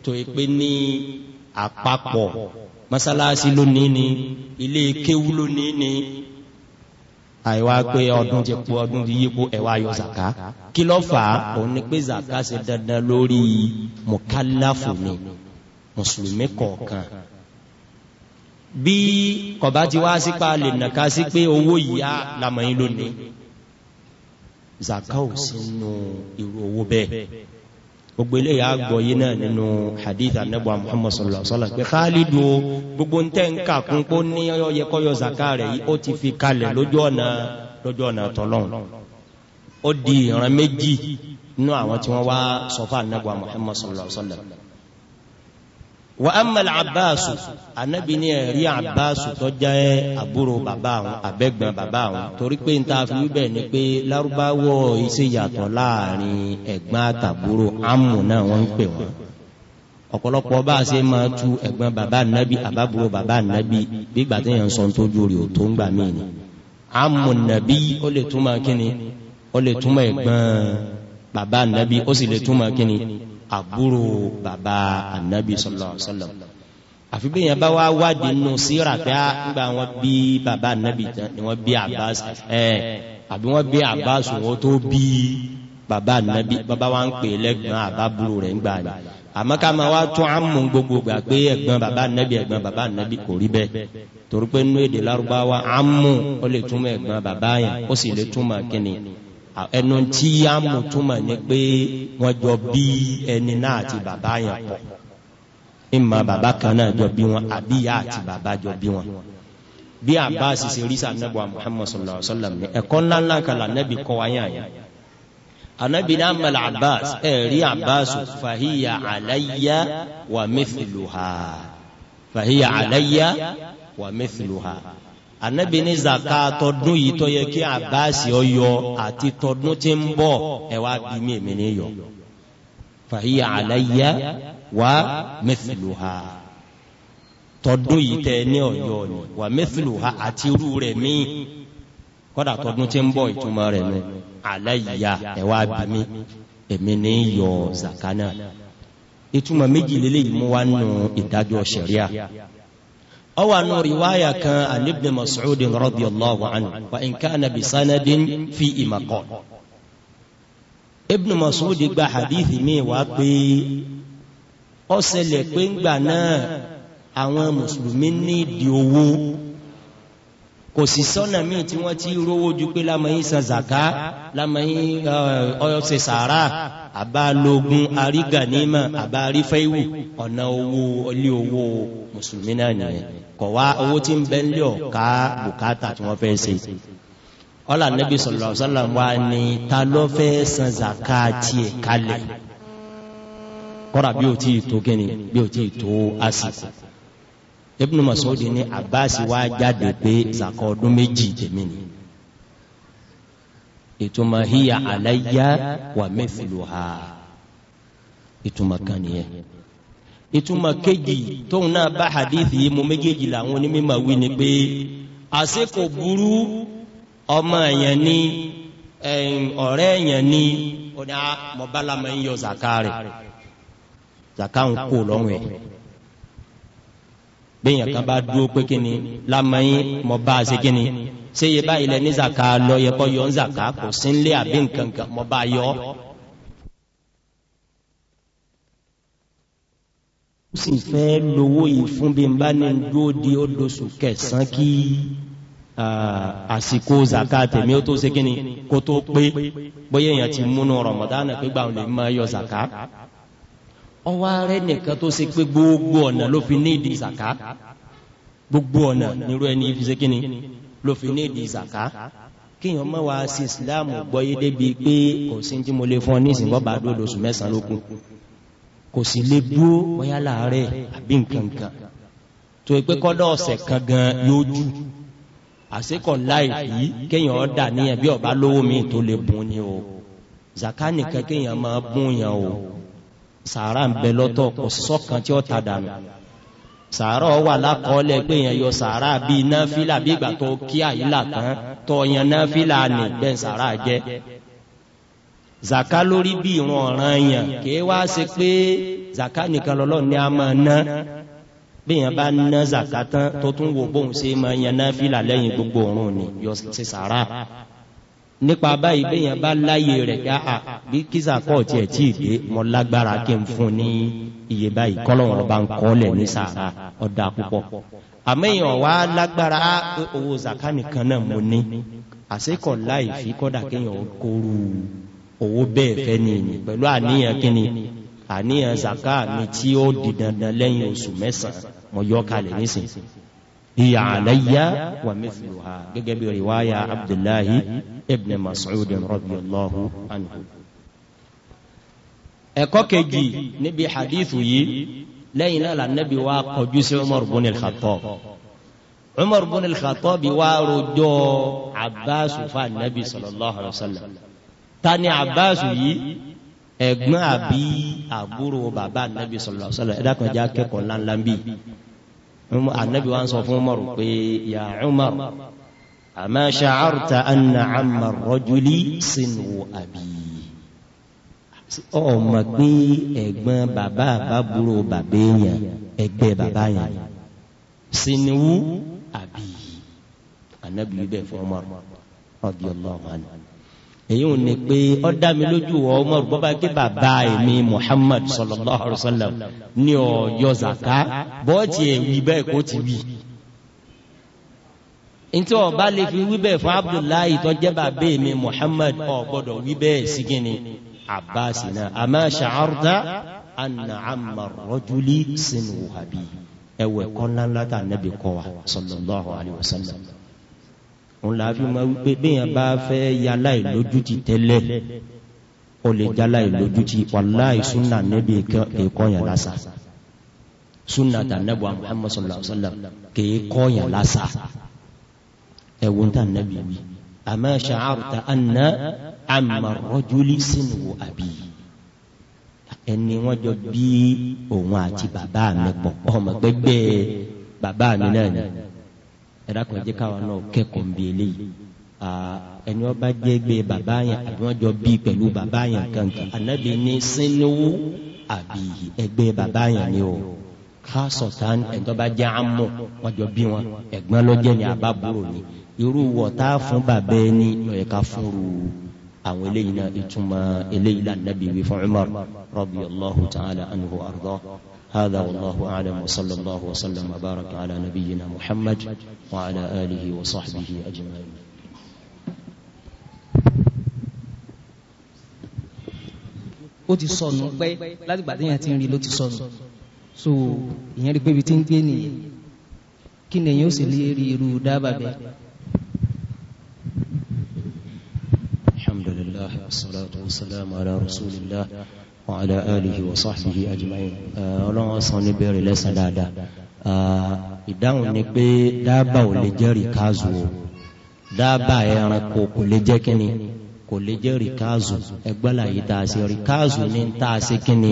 tó yẹ pé ní àpapọ̀ mọ́sálásí lónìí ni ilé kéwú lónìí ni àìwá pé ọdún ti po ọdún ti yípo ẹ̀wá yọ zaka kí ló fà á òun ni pé zaka ṣe dandan lórí mùkálàfù ni mùsùlùmí kọ̀ọ̀kan bí kọba ti wá sípa lè nàka sí pé owó ìyá lamọ̀yìn lónìí zaka ò sínú irú owó bẹ́ẹ̀ gbogbo eléyà agbọ̀yé náà nínú hadith anabu muhammad sallallahu alaihi wa sallam pé khalidu gbogbo ń tẹ́ ń kà kún kó ní ọyẹ kọ́yọ zaka rẹ̀ yìí ó ti fi kalẹ̀ lójú ọ̀nà lójú ọ̀nà tọ́lọ́n ó di ìran méjì nínú àwọn tí wọ́n wá sọ fún anabu muhammad sallallahu alaihi wa sallam wa amal abaasu anabi ni ẹ̀rí abaasu tó jẹ́ àbúrò bàbá àwọn abẹ́gbọ̀n bàbá àwọn torí pé níta fi wí bẹ́ẹ̀ ni pé lárúbáwọ̀ iṣẹ́ yàtọ̀ láàrin ẹ̀gbọ́n àtàbúrò amù náà wọ́n ń pè wọ́n ọ̀pọ̀lọpọ̀ bá a ṣe máa tu ẹ̀gbọ́n bàbá anabi àbábúrò bàbá anabi gbígbà tí yẹn sọ tójú rẹ̀ ò tó ń gbà mí ni amù nàbí ó lè túmọ̀ kíni ó lè túmọ̀ ẹ̀gbọ́n bàbá anabi ó sì lè túmọ̀ kíni àbúrò bàbá anabi sallallahu alaihi wasallam àfi bẹ́ẹ̀ yẹn bá wá wádìí nù síra pé á ah, nígbà wọn bí bàbá anabi tán ni wọn bí abbas ẹ àbí wọn bí abbas wọn tó bí bàbá anabi bàbá wa ń pè lẹ́gbọ̀n àbábúrò rẹ̀ ń gbà ní àmọ́ ká máa wá tún àmú gbogbo gbà pé ẹ̀gbọ́n bàbá nẹ́bí ẹ̀gbọ́n bàbá nẹ́bí kò rí bẹ́ẹ̀ torí pé nínú èdè lárúbáwá àmú ó lè túmọ̀ ẹ̀gbọ́n bàbá yẹn ó sì lè túmọ̀ kíni ẹnu tí yá mú túmọ̀ ní pé wọ́n jọ bí ẹni náà àti bàbá yẹn pọ̀ ìmọ̀ bàbá kan náà jọ bí wọn àbí ìyá àti bàbá jọ bí wọn bí àbá àṣìṣe rísà anábọ̀ muhammad sallallahu alaihi wa ẹ̀kọ́ ńláńlá kan lànàbì kọ́ wáyà yẹn anabi ní amal abbas ẹ rí abbas fahiya alayya wa mithluha fahiya alayya wa mithluha anabi ní zaka tọdún yìí tó yẹ kí abasi ọyọ àti tọdún tí ń bọ̀ ẹ wá bí mi èmi ní yọ fàyè àlàyé wà mẹfìlùhà tọdún yìí tẹ ní ọyọ ni wà mẹfìlùhà àti irú rẹ̀ mí kódà tọdún tí ń bọ̀ ìtumọ̀ rẹ̀ mi àlàyé ẹ wá bí ní yọ zaka náà ìtumọ̀ méjì lélẹyìí mú wa nù ìdájọ́ ṣẹríà ọwà nù riwaya kan anibni Mas'ud radiyallahu anhu wa in kana bi sanadin fi imakọ ibnu Mas'ud gba hadith mi wá pé ó ṣẹlẹ̀ pé ńgbà náà àwọn mùsùlùmí ní ìdí owó kò sí sọ́nà míì tí wọ́n ti rówó ju pé lámọ̀yín san zaka lámọ̀yín ọyọ eh, ṣe sàárà àbálógún àrígànímà àbárífẹ́wù ọ̀nà owó ilé owó mùsùlùmí náà nìyẹn kọ̀ wá owó tí ń bẹ́ ń lé ọ̀ká bùkátà tí wọ́n fẹ́ ṣe ọlà nẹ́bí sallallahu alaihi wasallam wa ni ta ló fẹ́ san zaka tiẹ̀ kalẹ̀ kọ́ra bí o ti tó gẹ́ni bí o ti tó àsìkò Ibn Mas'ud ni abasi wa jáde pé zaka ọdún méjì tèmi ni ìtumọ̀ hiya alayya wa mithluha ìtumọ̀ kan nìyẹn ìtumọ̀ kejì tóun náà bá hadithi yìí mo méjèèjì làwọn onímọ̀ wí ni pé àsìkò burú ọmọ èèyàn ni ọ̀rẹ́ èèyàn ni ọ̀nà mọ̀bálàmọ̀ ń yọ zaka rẹ̀ zaka ń kó lọ́wọ́ ẹ̀ bẹ́ẹ̀ yẹn kan bá dúró pé kíni lamẹ́yìn mọ̀bá ṣe kíni ṣé yẹ báyìí lẹ ní zaka lọ yẹ kọ́ yọ ń zaka kò sí ń lé àbí nǹkan mọ̀bá yọ ọ́. sì fẹ́ lówó yìí fún bí n bá ní dúró di odòṣù kẹsàn-án kí àsìkò zaka tèmi ó tó ṣe kí ni kó tó pé bóyá èèyàn ti múnú Ramadan pé gbà lè máa yọ zaka ọwọ́ rẹ nìkan tó ṣe pé gbogbo ọ̀nà ló fi ní ìdí zaka gbogbo ọ̀nà nírú ẹni fi ṣe kí ni ló fi ní ìdí zaka kíyàn mọ́ wa sí Islam gbọ́yé débi pé kò sí ní tí mo lè fún ọ ní ìsìnkọ́ bá dúró lóṣù mẹ́sàn-án lókun kò sì lè dúró bóyá láàárẹ̀ àbí nkankan tó o pé kọ́dọ̀ ọ̀sẹ̀ kan gan yóò jù àsekọ̀ láì yí kéèyàn ọ̀dà níyẹn bí ọba lówó mi tó lè bùn ni o zaka nìkan kéèyàn máa bùn yẹn o sàárà ń bẹ lọ́tọ̀ kò sọ́kan tí ó ta dànù sàárà wà lákọọ́lẹ̀ pé yọ sàárà bíi náfìlà bí ìgbà tó kí àyílà tán tó náfìlà nì bẹ́ẹ̀ sàárà jẹ́ zaka lórí bí ìwọn ọ̀ràn yàn kìí wá ṣe pé zaka nìkan lọ́lọ́ ni a máa ná bẹ́ẹ̀yàn bá ná zaka tán tó tún wo bóun ṣe máa yan náfìlà lẹ́yìn gbogbo òórùn ni yọ ṣe sàrà nípa báyìí bẹ́ẹ̀yàn bá láyè rẹ̀ ká a bí kíza kọ́ tiẹ̀ tí ì dé mọ lágbára kí n fún ní iye báyìí kọ́lọ́run bá ń kọ́lẹ̀ ní sàrà ọ̀dà púpọ̀ àmẹ́yìn ọ̀wá lágbára owó zaka nìkan náà mo ní àṣekọ̀ láì fi kọ́dà kéèyàn kóru owó bẹ́ẹ̀ fẹ́ ni ni pẹ̀lú àníyàn kíni àníyàn zaka mi tí ó di dandan lẹ́yìn oṣù mẹ́sàn-án mo yọ kalẹ̀ nísìn ìyá àlàyé wà mithluha gẹ́gẹ́ bí riwaya abdullahi ibn mas'ud radiyallahu anhu. ẹ̀kọ́ kejì níbi hadithu yìí lẹ́yìn náà lànàbí wa kọjú sí umar bin al umar bin al bi wa rojọ́ abbas fa nabi sallallahu alayhi wa sallam tani abbas yìí ẹ̀gbọ́n àbí àbúrò bàbá anabi sallallahu alaihi wasallam ẹ̀dá kan jẹ́ akẹ́kọ̀ọ́ ńláńlá ń bì anabi wa ń sọ fún Umar pé ya Umar àmọ́ ṣàárùtà anna amma rajuli sinu àbí ọmọ pé ẹ̀gbọ́n bàbá àbábúrò bàbá èèyàn ẹgbẹ́ bàbá yẹn sinu àbí anabi bẹ́ẹ̀ fún Umar radiyallahu anhu èyí ò ní pé ọ dá mi lójú wọ Umar bọ́ba kí bàbá èmi Muhammad sallallahu alayhi wa sallam ní ọ̀yọ́ zaka bọ́ọ̀tì ẹ̀ wí bẹ́ẹ̀ kó ti wí. ntí ọba lè fi wí bẹ́ẹ̀ fún Abdullahi tó jẹ́ bàbá èmi Muhammad ọ̀ gbọ́dọ̀ wí bẹ́ẹ̀ sígìnì Abbas náà àmọ́ ṣàárùtà anna amma sínú wàbí ẹ̀wẹ̀ kọ́ ńláńlá sallallahu alayhi wa sallam òun là á fi máa wípé bẹ́ẹ̀ bá fẹ́ yálà ìlójú ti tẹ́lẹ̀ ó lè yálà ìlójú ti wàláì súnà níbi ìkọyàn lásà súnà tànàbù Muhammad sallallahu alaihi wasallam kìí kọyàn lásà ẹ̀wọ̀n tànàbì wí àmọ́ ṣàárùtà àná àmà rọ́júlì sínú àbí ẹni wọ́n jọ bí òun àti bàbá mi pọ̀ ọmọ gbẹgbẹ́ bàbá mi náà ni ẹ̀dàkùn jẹ́ káwa náà kẹ́kọ̀ọ́ ń bi eléyìí ẹni wọ́n bá jẹ́ gbé bàbá yẹn àbí wọ́n jọ bí pẹ̀lú bàbá yẹn kankan anabi ní sínúwó àbí ẹgbẹ́ bàbá yẹn ni o kásọ̀tàn ẹ̀dọ́ bá jẹ́ àmọ́ wọ́n jọ bí wọn ẹ̀gbọ́n lọ́jẹ́ ni àbábúrò ni irú wọ̀tá fún bàbá ẹni lọ́yẹ̀ ká fúnru àwọn eléyìí náà ìtumọ̀ eléyìí lànà bíi wí fún Umar radiyallahu ta'ala anhu arda. هذا والله أعلم وصلى الله وسلم وبارك على نبينا محمد وعلى آله وصحبه أجمعين ó ti sọnù pẹ́ látìgbà téèyàn ti ń rí ló ti sọnù so ìyẹn rí pé tí ń gbé nìyẹn kí ni èyàn ó sì lè rí irú dábàá bẹ́ẹ̀. alhamdulilayi wa salatu wa salam ala rasulillah wa ala وصحبه أجمعين sahbihi ajma'in ọlọ́run san ní bẹ̀rẹ̀ lẹ́sàn dáadáa ìdáhùn ni pé dábàá ò lè jẹ́ ríkázù o dábàá ẹranko kò lè jẹ́ kínni kò lè jẹ́ ríkázù ẹgbẹ́ láyé tá a ṣe ríkázù ní tá a ṣe kínni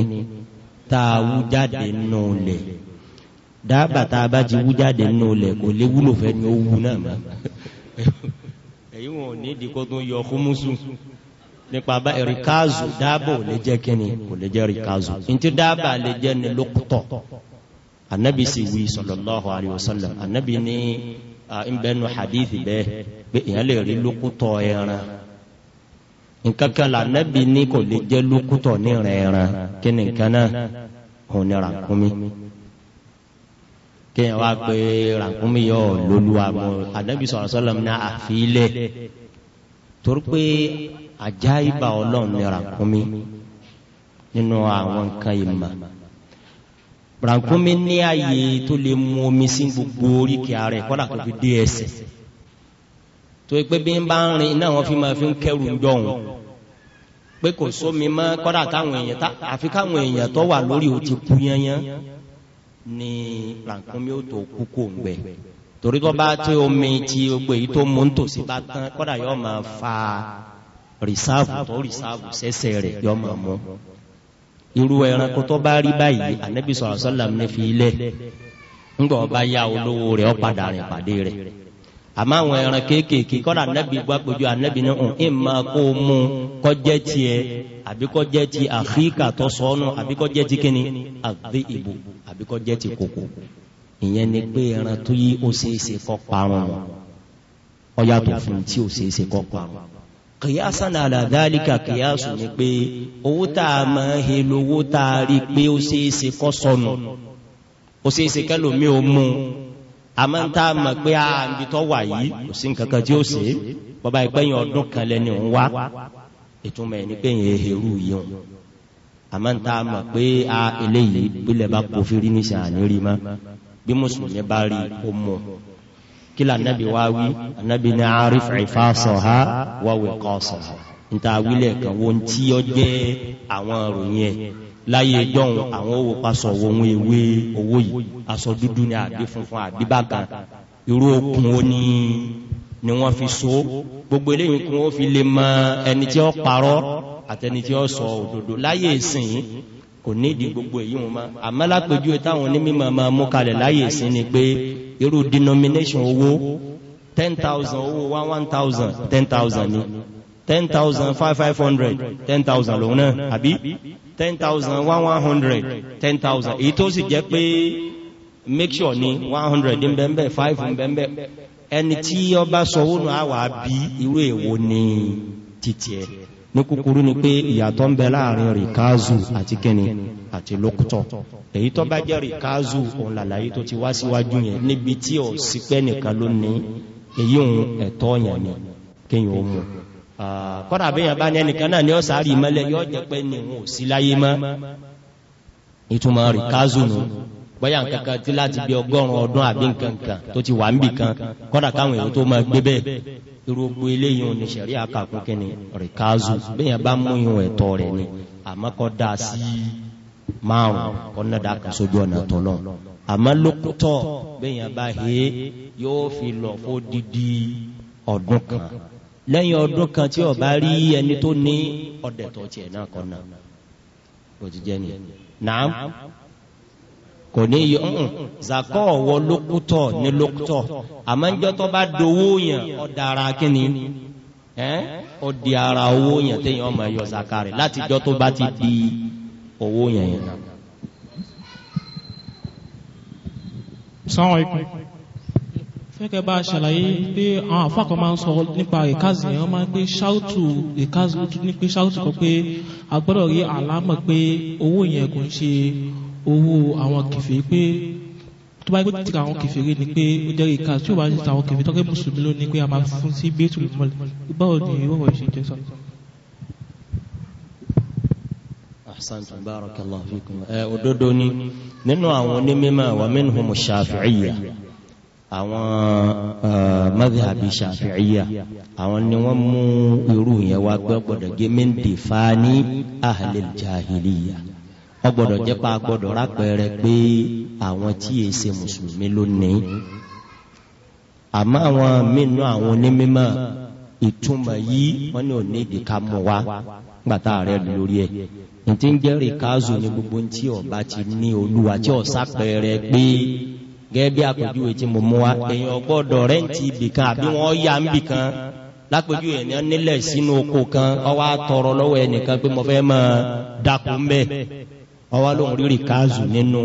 tá a wú jáde nù lẹ̀ dábàá tá a bá ti wú jáde nù lẹ̀ kò lè wúlò fẹ́ ni ó wú náà mọ́ èyí wọn ò ní ìdíkọ́ tó ń yọ kúmùsù nípa bá ẹ̀ríkáàzù dáàbò lè jẹ́ kíni kò lè jẹ́ ẹ̀ríkáàzù ntí dáàbà lè jẹ́ ni lókùtọ̀ anabi sì wí sallallahu alayhi wa sallam anabi ní nbẹ́nu hadithi bẹ́ẹ̀ pé èèyàn lè rí lókùtọ̀ ẹran nǹkan kan la anabi ní kò lè jẹ́ lókùtọ̀ ní ẹran kí ni nǹkan náà òun ni ràkúnmí kéèyàn wá pé ràkúnmí yọ lóluwà mọ́ anabi sallallahu alayhi ní àfi ilẹ̀ torí pé àjáìbá ọlọ́run ni ràkúnmí nínú àwọn nǹkan ìmọ̀ ràkúnmí ní ààyè tó lè mu omi sí gbogbo oríkèé ara ẹ̀ kọ́dà tó fi dé ẹsẹ̀ tó pé bí ń bá ń rin iná wọn fi máa fi ń kẹrù ń dọ̀hún pé kò sómi mọ́ kọ́dà káwọn èèyàn tá àfi káwọn èèyàn tó wà lórí ó kú yányán ni ràkúnmí ó tó kú kò ń gbẹ torí tó bá tí omi tí gbogbo èyí tó mú ń tòsí bá tán kọ́dà yóò máa fa. rìsáàfù tó rìsáàfù sẹ́sẹ̀ rẹ̀ yọ máa mọ́ irú ẹranko tó bá rí báyìí ànábì sọ̀rọ̀ sọ́là fi ilẹ̀ ńgbọ̀n bá yá olówó rẹ̀ padà rìn pàdé rẹ̀ àmọ́ àwọn ẹran kéékèèké kọ́dà ànábì gbá pẹ̀lú ànábì ní ẹ̀ máa kó o mú tiẹ̀ àbí ti àfíríkà tó àbí ti kíni ìbò àbí ti kòkò ìyẹn ni pé ẹran tó yí ó kọ́ parun fún tí ó kọ́ parun. kìyásán àlàdálíkà kìyásù ni pé owó tá a máa he lówó tá a rí pé ó ṣeéṣe kọ́ sọnù ó ṣeéṣe kẹlòmí ó mú un àmọ́ tá a mọ̀ pé àǹbí tó wà yìí kò sí nǹkan kan tí ó ṣe bọ́bá ìpẹ́yìn ọdún kan lẹ́ni òun wá ìtumọ̀ ẹ̀ ní pé yẹn èrú yìí òun àmọ́ tá a mọ̀ pé a eléyìí pílẹ̀ bá kófìrí níṣà ànírímọ́ bí mùsùlùmí bá rí ó mú un kila anabi wa wi anabi ni arif ifasaha wa wiqasaha nta wílẹ̀ kan e. wo ntí ọ jẹ́ àwọn ròyìn ẹ̀ láyé dọ́hùn àwọn owó pasọ̀ wo ohun ewé owó yìí aṣọ dúdú ni àbí funfun àbí bákan irú okùn ó ní ni wọ́n fi so gbogbo eléyìí kún ó fi lè mọ ẹni tí ó parọ́ àtẹni tí ó sọ òdodo láyé ìsìn kò nídìí gbogbo èyí wọn mọ́ àmọ́ lápèjúwe táwọn onímọ̀ máa mú kalẹ̀ láyé ìsìn ni pé irú denomination owó ten thousand owó one one thousand ten thousand ni ten thousand five five hundred ten thousand lòun náà àbí ten thousand one one hundred ten thousand èyí tó sì jẹ́ pé make sure ni one hundred bẹ́ẹ̀ bẹ́ẹ̀ five ń bẹ́ẹ̀ bẹ́ẹ̀ ẹni tí ọba sọ owó náà wà á bí irú èwo ni títì ẹ̀ ní kúkúrú ni pé ìyàtọ̀ ń bẹ láàrin rìkáàzù àti kíni àti lókútọ̀ èyí tó bá jẹ́ rìkáàzù òun làlàyé tó ti wá síwájú yẹn níbi tí ò sí pẹ́ nìkan ló ní èyí òun ẹ̀tọ́ yẹn ni kéyìn ó mu kọ́dà bí yẹn bá ní ẹnìkan náà ní ọ̀sàárì mẹ́lẹ̀ yóò jẹ́ pé ni òun ò sí láyé mọ́ ìtumọ̀ rìkáàzù nù bóyá nǹkan kan ti láti bí ọgọ́rùn-ún ọdún àbí nǹkan kan tó ti wà níbì kan kọ́dà káwọn èèyàn tó máa gbé bẹ́ẹ̀ irúgbó eléyìí òní sẹ̀rí àkàkùn kínní rìkázù bẹ́yẹn bá mú ìhun ẹ̀tọ́ rẹ̀ ni àmọ́ kọ́ da sí márùn-ún ọ̀nà dà kan sójú ọ̀nà tọ̀ náà àmọ́ lókútọ̀ bẹ́yẹn bá he yóò fi lọ fó didi ọdún kan lẹ́yìn ọdún kan tí ọba rí ẹni tó ní ọ̀dẹ̀tọ̀ tiẹ̀ náà kọ́ kò ní yọ ọ̀hún mm, mm. zakọ́ ọ̀wọ́ lókútọ̀ ní lókútọ̀ àmọ́njọ́tọ́ bá dowó yẹn ọ̀dàrà kínní ọ̀dì ara owó yẹn téèyàn ọmọ ẹ̀yọ zaka rẹ̀ láti jọ́ tó bá ti di owó yẹn yẹn. sọ́wọ́n ikú fẹ́kẹ́ bá ṣàlàyé pé àwọn àfáàkọ́ máa ń sọ nípa ìkázì yẹn wọ́n máa ń pé ṣáùtù ìkázì ní pé ṣáùtù kan pé a gbọ́dọ̀ rí àlámọ̀ pé owó yẹn kò ń ṣe owó àwọn kẹfẹ́ pé tó bá ti ka àwọn kẹfẹ́ ni pé ó jẹ́ ìka tí ó bá ti ta àwọn kẹfẹ́ tọ́kẹ́ mùsùlùmí ló ní pé a máa fún sí bẹ́ẹ̀tù mọ́lẹ̀ báwo ni ìwé wọ̀ ṣe jẹ́ sọ. ahsantum barakallahu fikum ẹ òdodo ni nínú àwọn onímọ̀ wa minhum shafi'iyya àwọn madhabi shafi'iyya àwọn ni wọ́n mú irú yẹn wá gbọ́gbọ́dọ̀ gé min difani ahlil jahiliyya wọ́n gbọ́dọ̀ jẹ́ pa gbọ́dọ̀ rápẹ̀rẹ̀ pé àwọn tí èé ṣe mùsùlùmí lónìí àmọ́ àwọn mínú àwọn onímọ̀ ìtumọ̀ yìí wọ́n ní òní ká mú wa gbàtà rẹ̀ lórí ẹ̀ ntí ń jẹ́rìí káàzù ní gbogbo ntí ọba ti ní olúwa tí ọ̀sá pẹ̀rẹ̀ pé gẹ́gẹ́ bí àpèjúwe tí mo mú wa èèyàn gbọ́dọ̀ rẹ́ǹtì ibìkan àbí wọ́n yà ń bìkan lápèjú èèyàn nílẹ̀ sínú oko kan ọwọ́ àtọrọ lọ́wọ́ ẹnìkan pé mo fẹ́ mọ dako mbẹ́ ọwọ́ lóhùn rírì káàzù nínú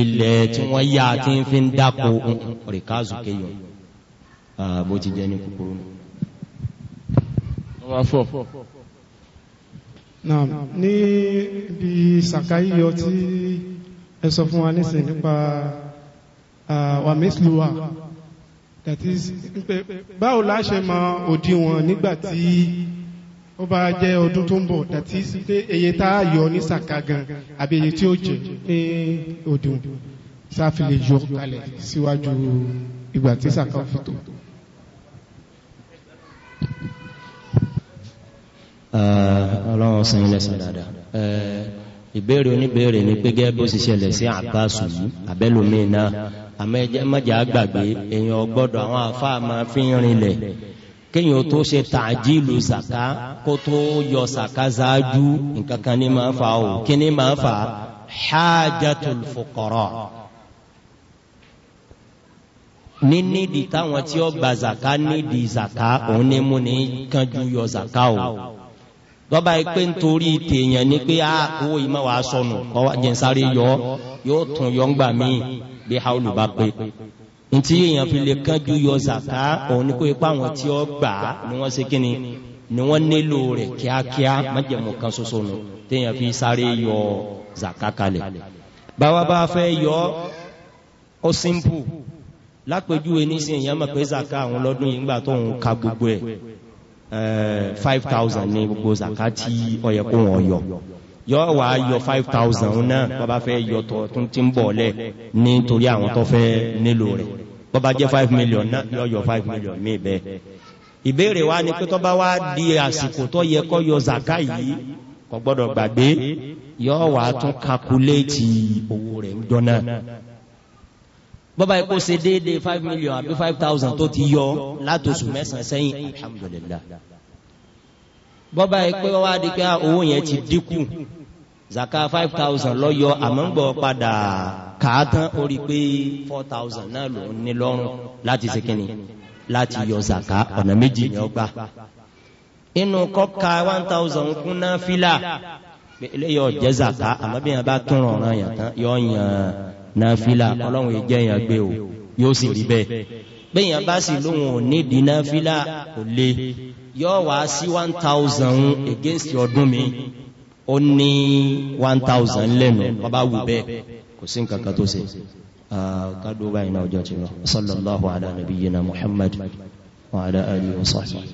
ilẹ̀ tí wọ́n yá tí ń fi ń dáko rì káàzù kéyọ̀ bó ti jẹ́ ní kúkúrú. Naam, ní ibi sàkáyíyọ tí ẹ sọ fún wa nísìn nípa wà mẹ́sìlúwà that is báwo láṣẹ mọ òdiwọ̀n nígbàtí ó bá jẹ́ ọdún tó ń bọ̀ dàtí pé eye tá a yọ ní sàkà gan àbí eye tí ó jẹ ní òdùn sáfì yọ kalẹ̀ síwájú ìgbà tí sàkà ah, ó ọlọ́run sọ ilẹ̀ sọ dáadáa eh, ìbéèrè oníbéèrè ni pé gẹ́gẹ́ bó sì ṣẹlẹ̀ sí àbáṣù yìí abẹ́lómi náà àmọ́ ẹjẹ́ mọ́jà gbàgbé èèyàn gbọ́dọ̀ àwọn àfáà máa fi ń rinlẹ̀ kéèyàn tó ṣe tàjílù sàká kó tó yọ sàká ṣáájú nǹkan kan ní máa fà ó kí ní máa fà hajatul fuqara ní nídìí táwọn tí ó gba zaka nídìí zaka òun ní mú ní kánjú yọ zaka o lọ́ba yìí pé nítorí tèèyàn ni pé a owó yìí máa wàá sọnù kọ́ jẹ́nsáré yọ yóò tún yọ ńgbà míì bí haúlù bá pé ntí èèyàn fi lè kánjú yọ zaka òun ni kò yẹ pé àwọn tí ó gbà ni wọ́n ṣe kíni ni wọ́n nílò rẹ̀ kíákíá májẹ̀mú kan ṣoṣo nù téèyàn fi sáré yọ zaka kalẹ̀ báwa bá fẹ́ yọ ó simple lápèjúwe nísìnyí èèyàn pé zaka àwọn lọ́dún yìí ńgbà tó ń ka gbogbo ẹ̀ five thousand ní gbogbo zaka tí ó yẹ kó wọn yọ yọ wà yọ five thousand náà bàbá fẹ́ yọ tó tún ti ń bọ̀ lẹ̀ nítorí àwọn tó fẹ́ nílò rẹ̀ bọ́ba jẹ́ five million náà yọ yọ five million mí bẹ́ẹ̀ ìbéèrè wa ni pé tọ́ba wa di àsìkò tó yẹ kọ́ yọ zaka yìí kò gbọ́dọ̀ gbàgbé yọ wàá tún kakuléètì owó rẹ̀ ń dọ́nà bọ́ba ṣe déédéé five million àbí five thousand tó ti yọ látòṣù mẹ́sàn-án sẹ́yìn alhamdulilah bọ́ba yìí pé wọ́n wá di pé owó yẹn ti dínkù zaka five thousand lọ́yọ àmọ́ngbọ́ padà kàátán ó rí i pé four thousand náà ló ń ní lọ́rùn láti ṣe kínní láti yọ zaka ọ̀nà méjì yẹn gbà. inú kọ́ka one thousand kún náà fílà eléyọ̀ jẹ́ zaka àmọ́ bí yẹn bá tún ọ̀ràn yẹn tán yọ yàn náà fílà ọlọ́run yìí jẹ́ yẹn gbé o yóò sì rí bẹ́ẹ̀ bẹ́ẹ̀ yẹn bá sì lóhùn ò ní dín kò le yọ wá sí one thousand against ọdún mi ó ní 1000 lẹ́nu bàbá wù bẹ́ẹ̀ kò sí nǹkan kan tó ṣe kádó báyìí náà ọjọ́ ti lọ sallallahu ala nabiyyina muhammad wa ala alihi wa sahbihi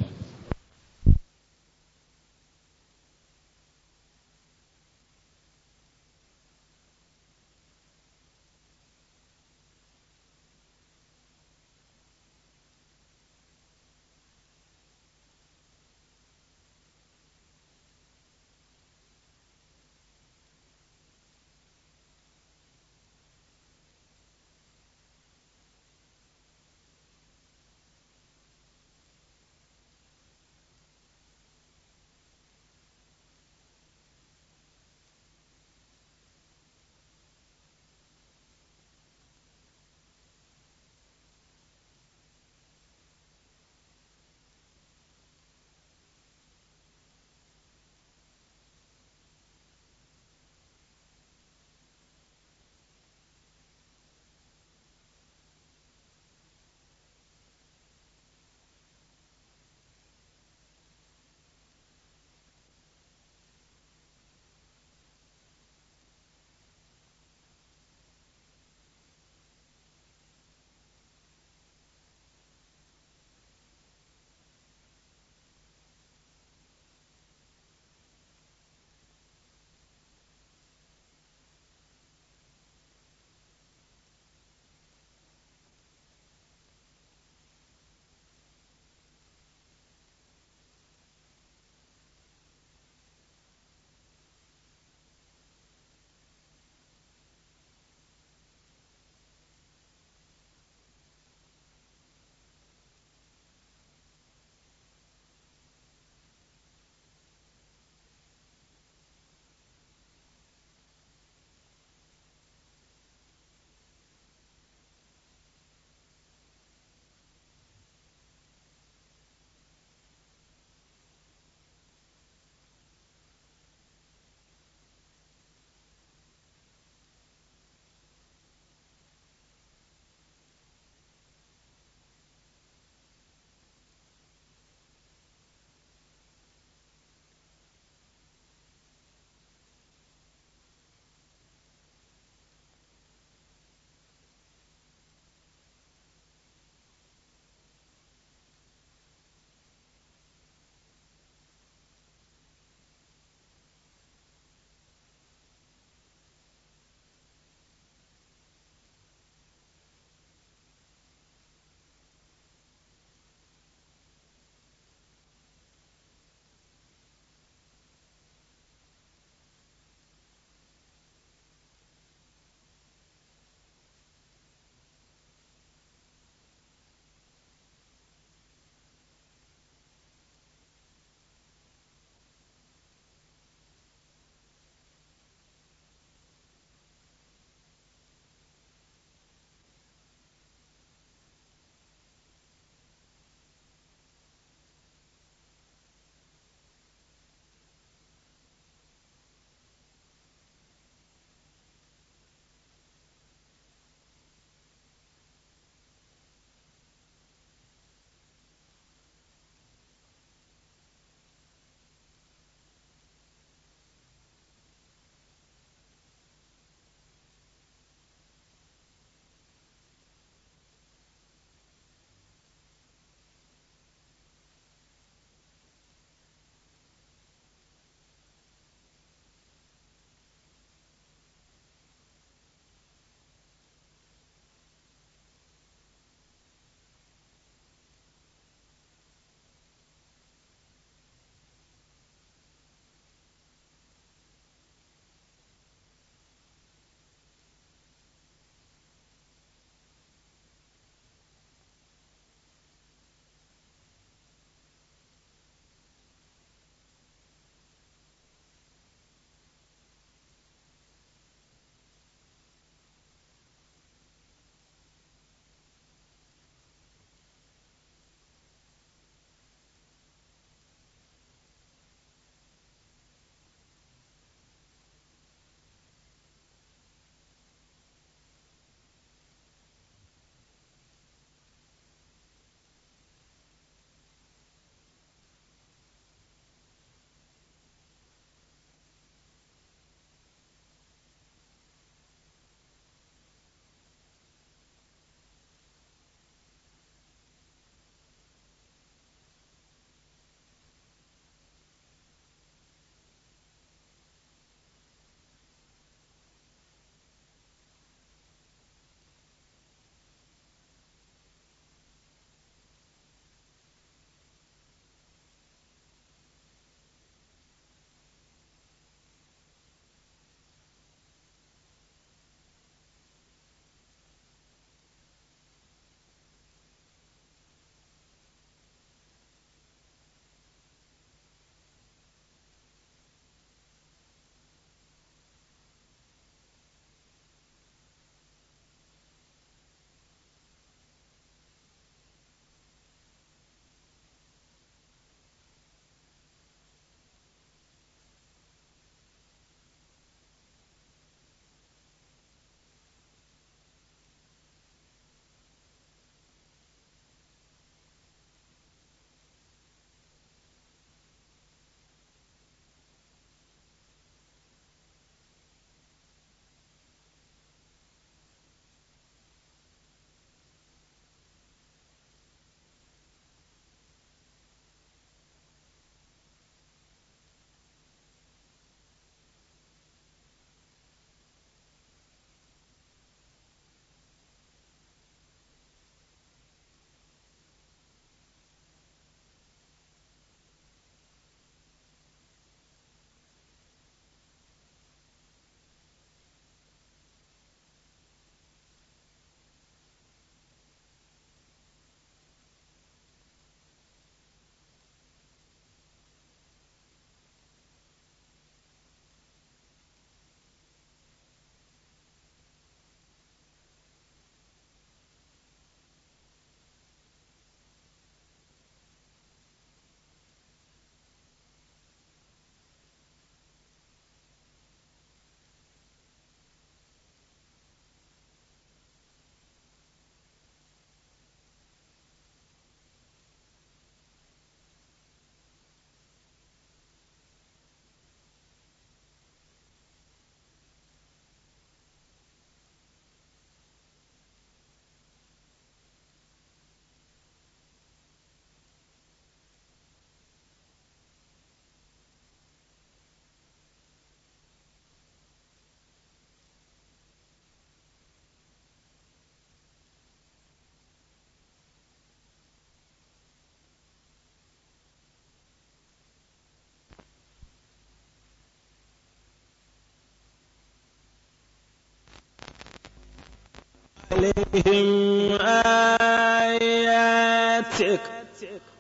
عليهم آياتك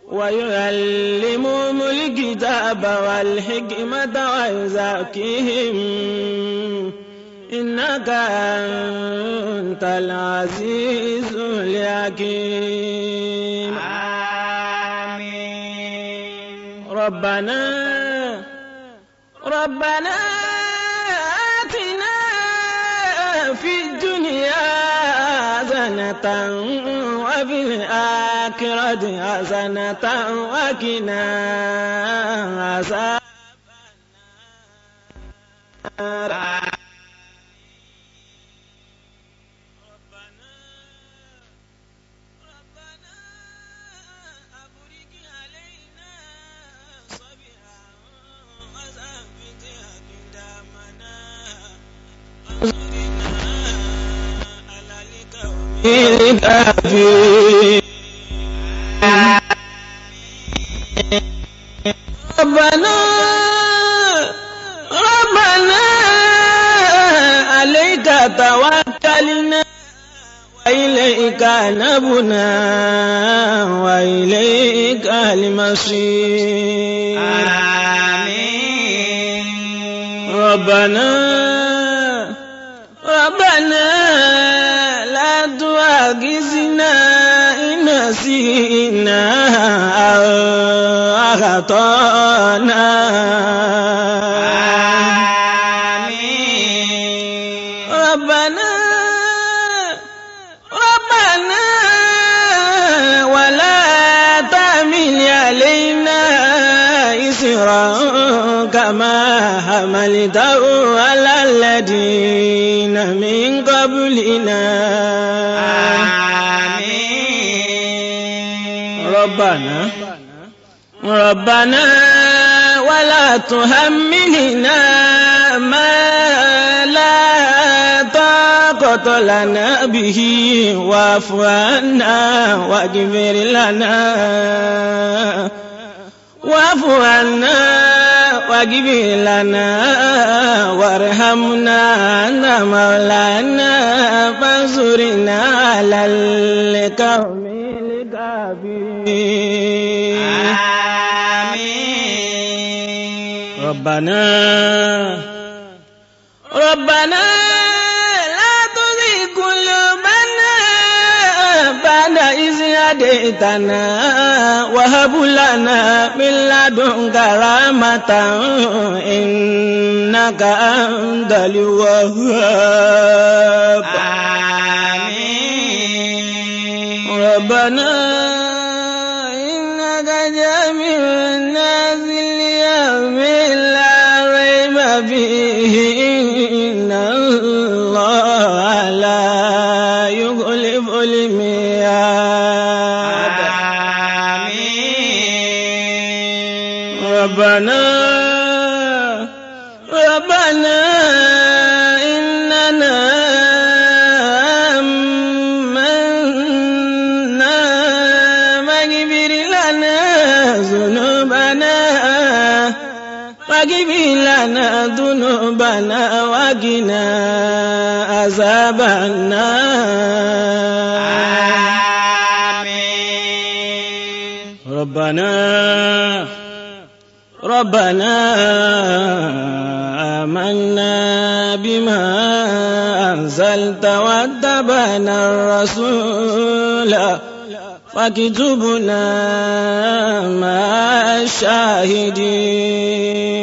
ويعلمهم الكتاب والحكمة ويزكيهم إنك أنت العزيز الحكيم آمين ربنا ربنا آتنا في الدنيا حسنة وفي الآخرة حسنة وقنا عذاب النار للكافرين ربنا ربنا عليك توكلنا وإليك نبنا وإليك المصير آمين ربنا ربنا عجزنا نسينا أخطأنا ربنا ربنا ولا تعمل علينا إسرا كما حملته على الذين من قبلنا ربنا ربنا ولا تهمنا ما لا طاقة لنا به واعف عنا لنا واعف عنا لنا وارحمنا أنت مولانا فانصرنا على القوم ربنا ربنا لا تزغ قلوبنا بعد إذ هديتنا وهب لنا من لدنك رحمة إنك أنت الوهاب آمين ربنا إنك جميل نبي لنا ذنوبنا وقنا عذاب النار ربنا ربنا آمنا بما أنزلت واتبعنا الرسول فاكتبنا مع الشاهدين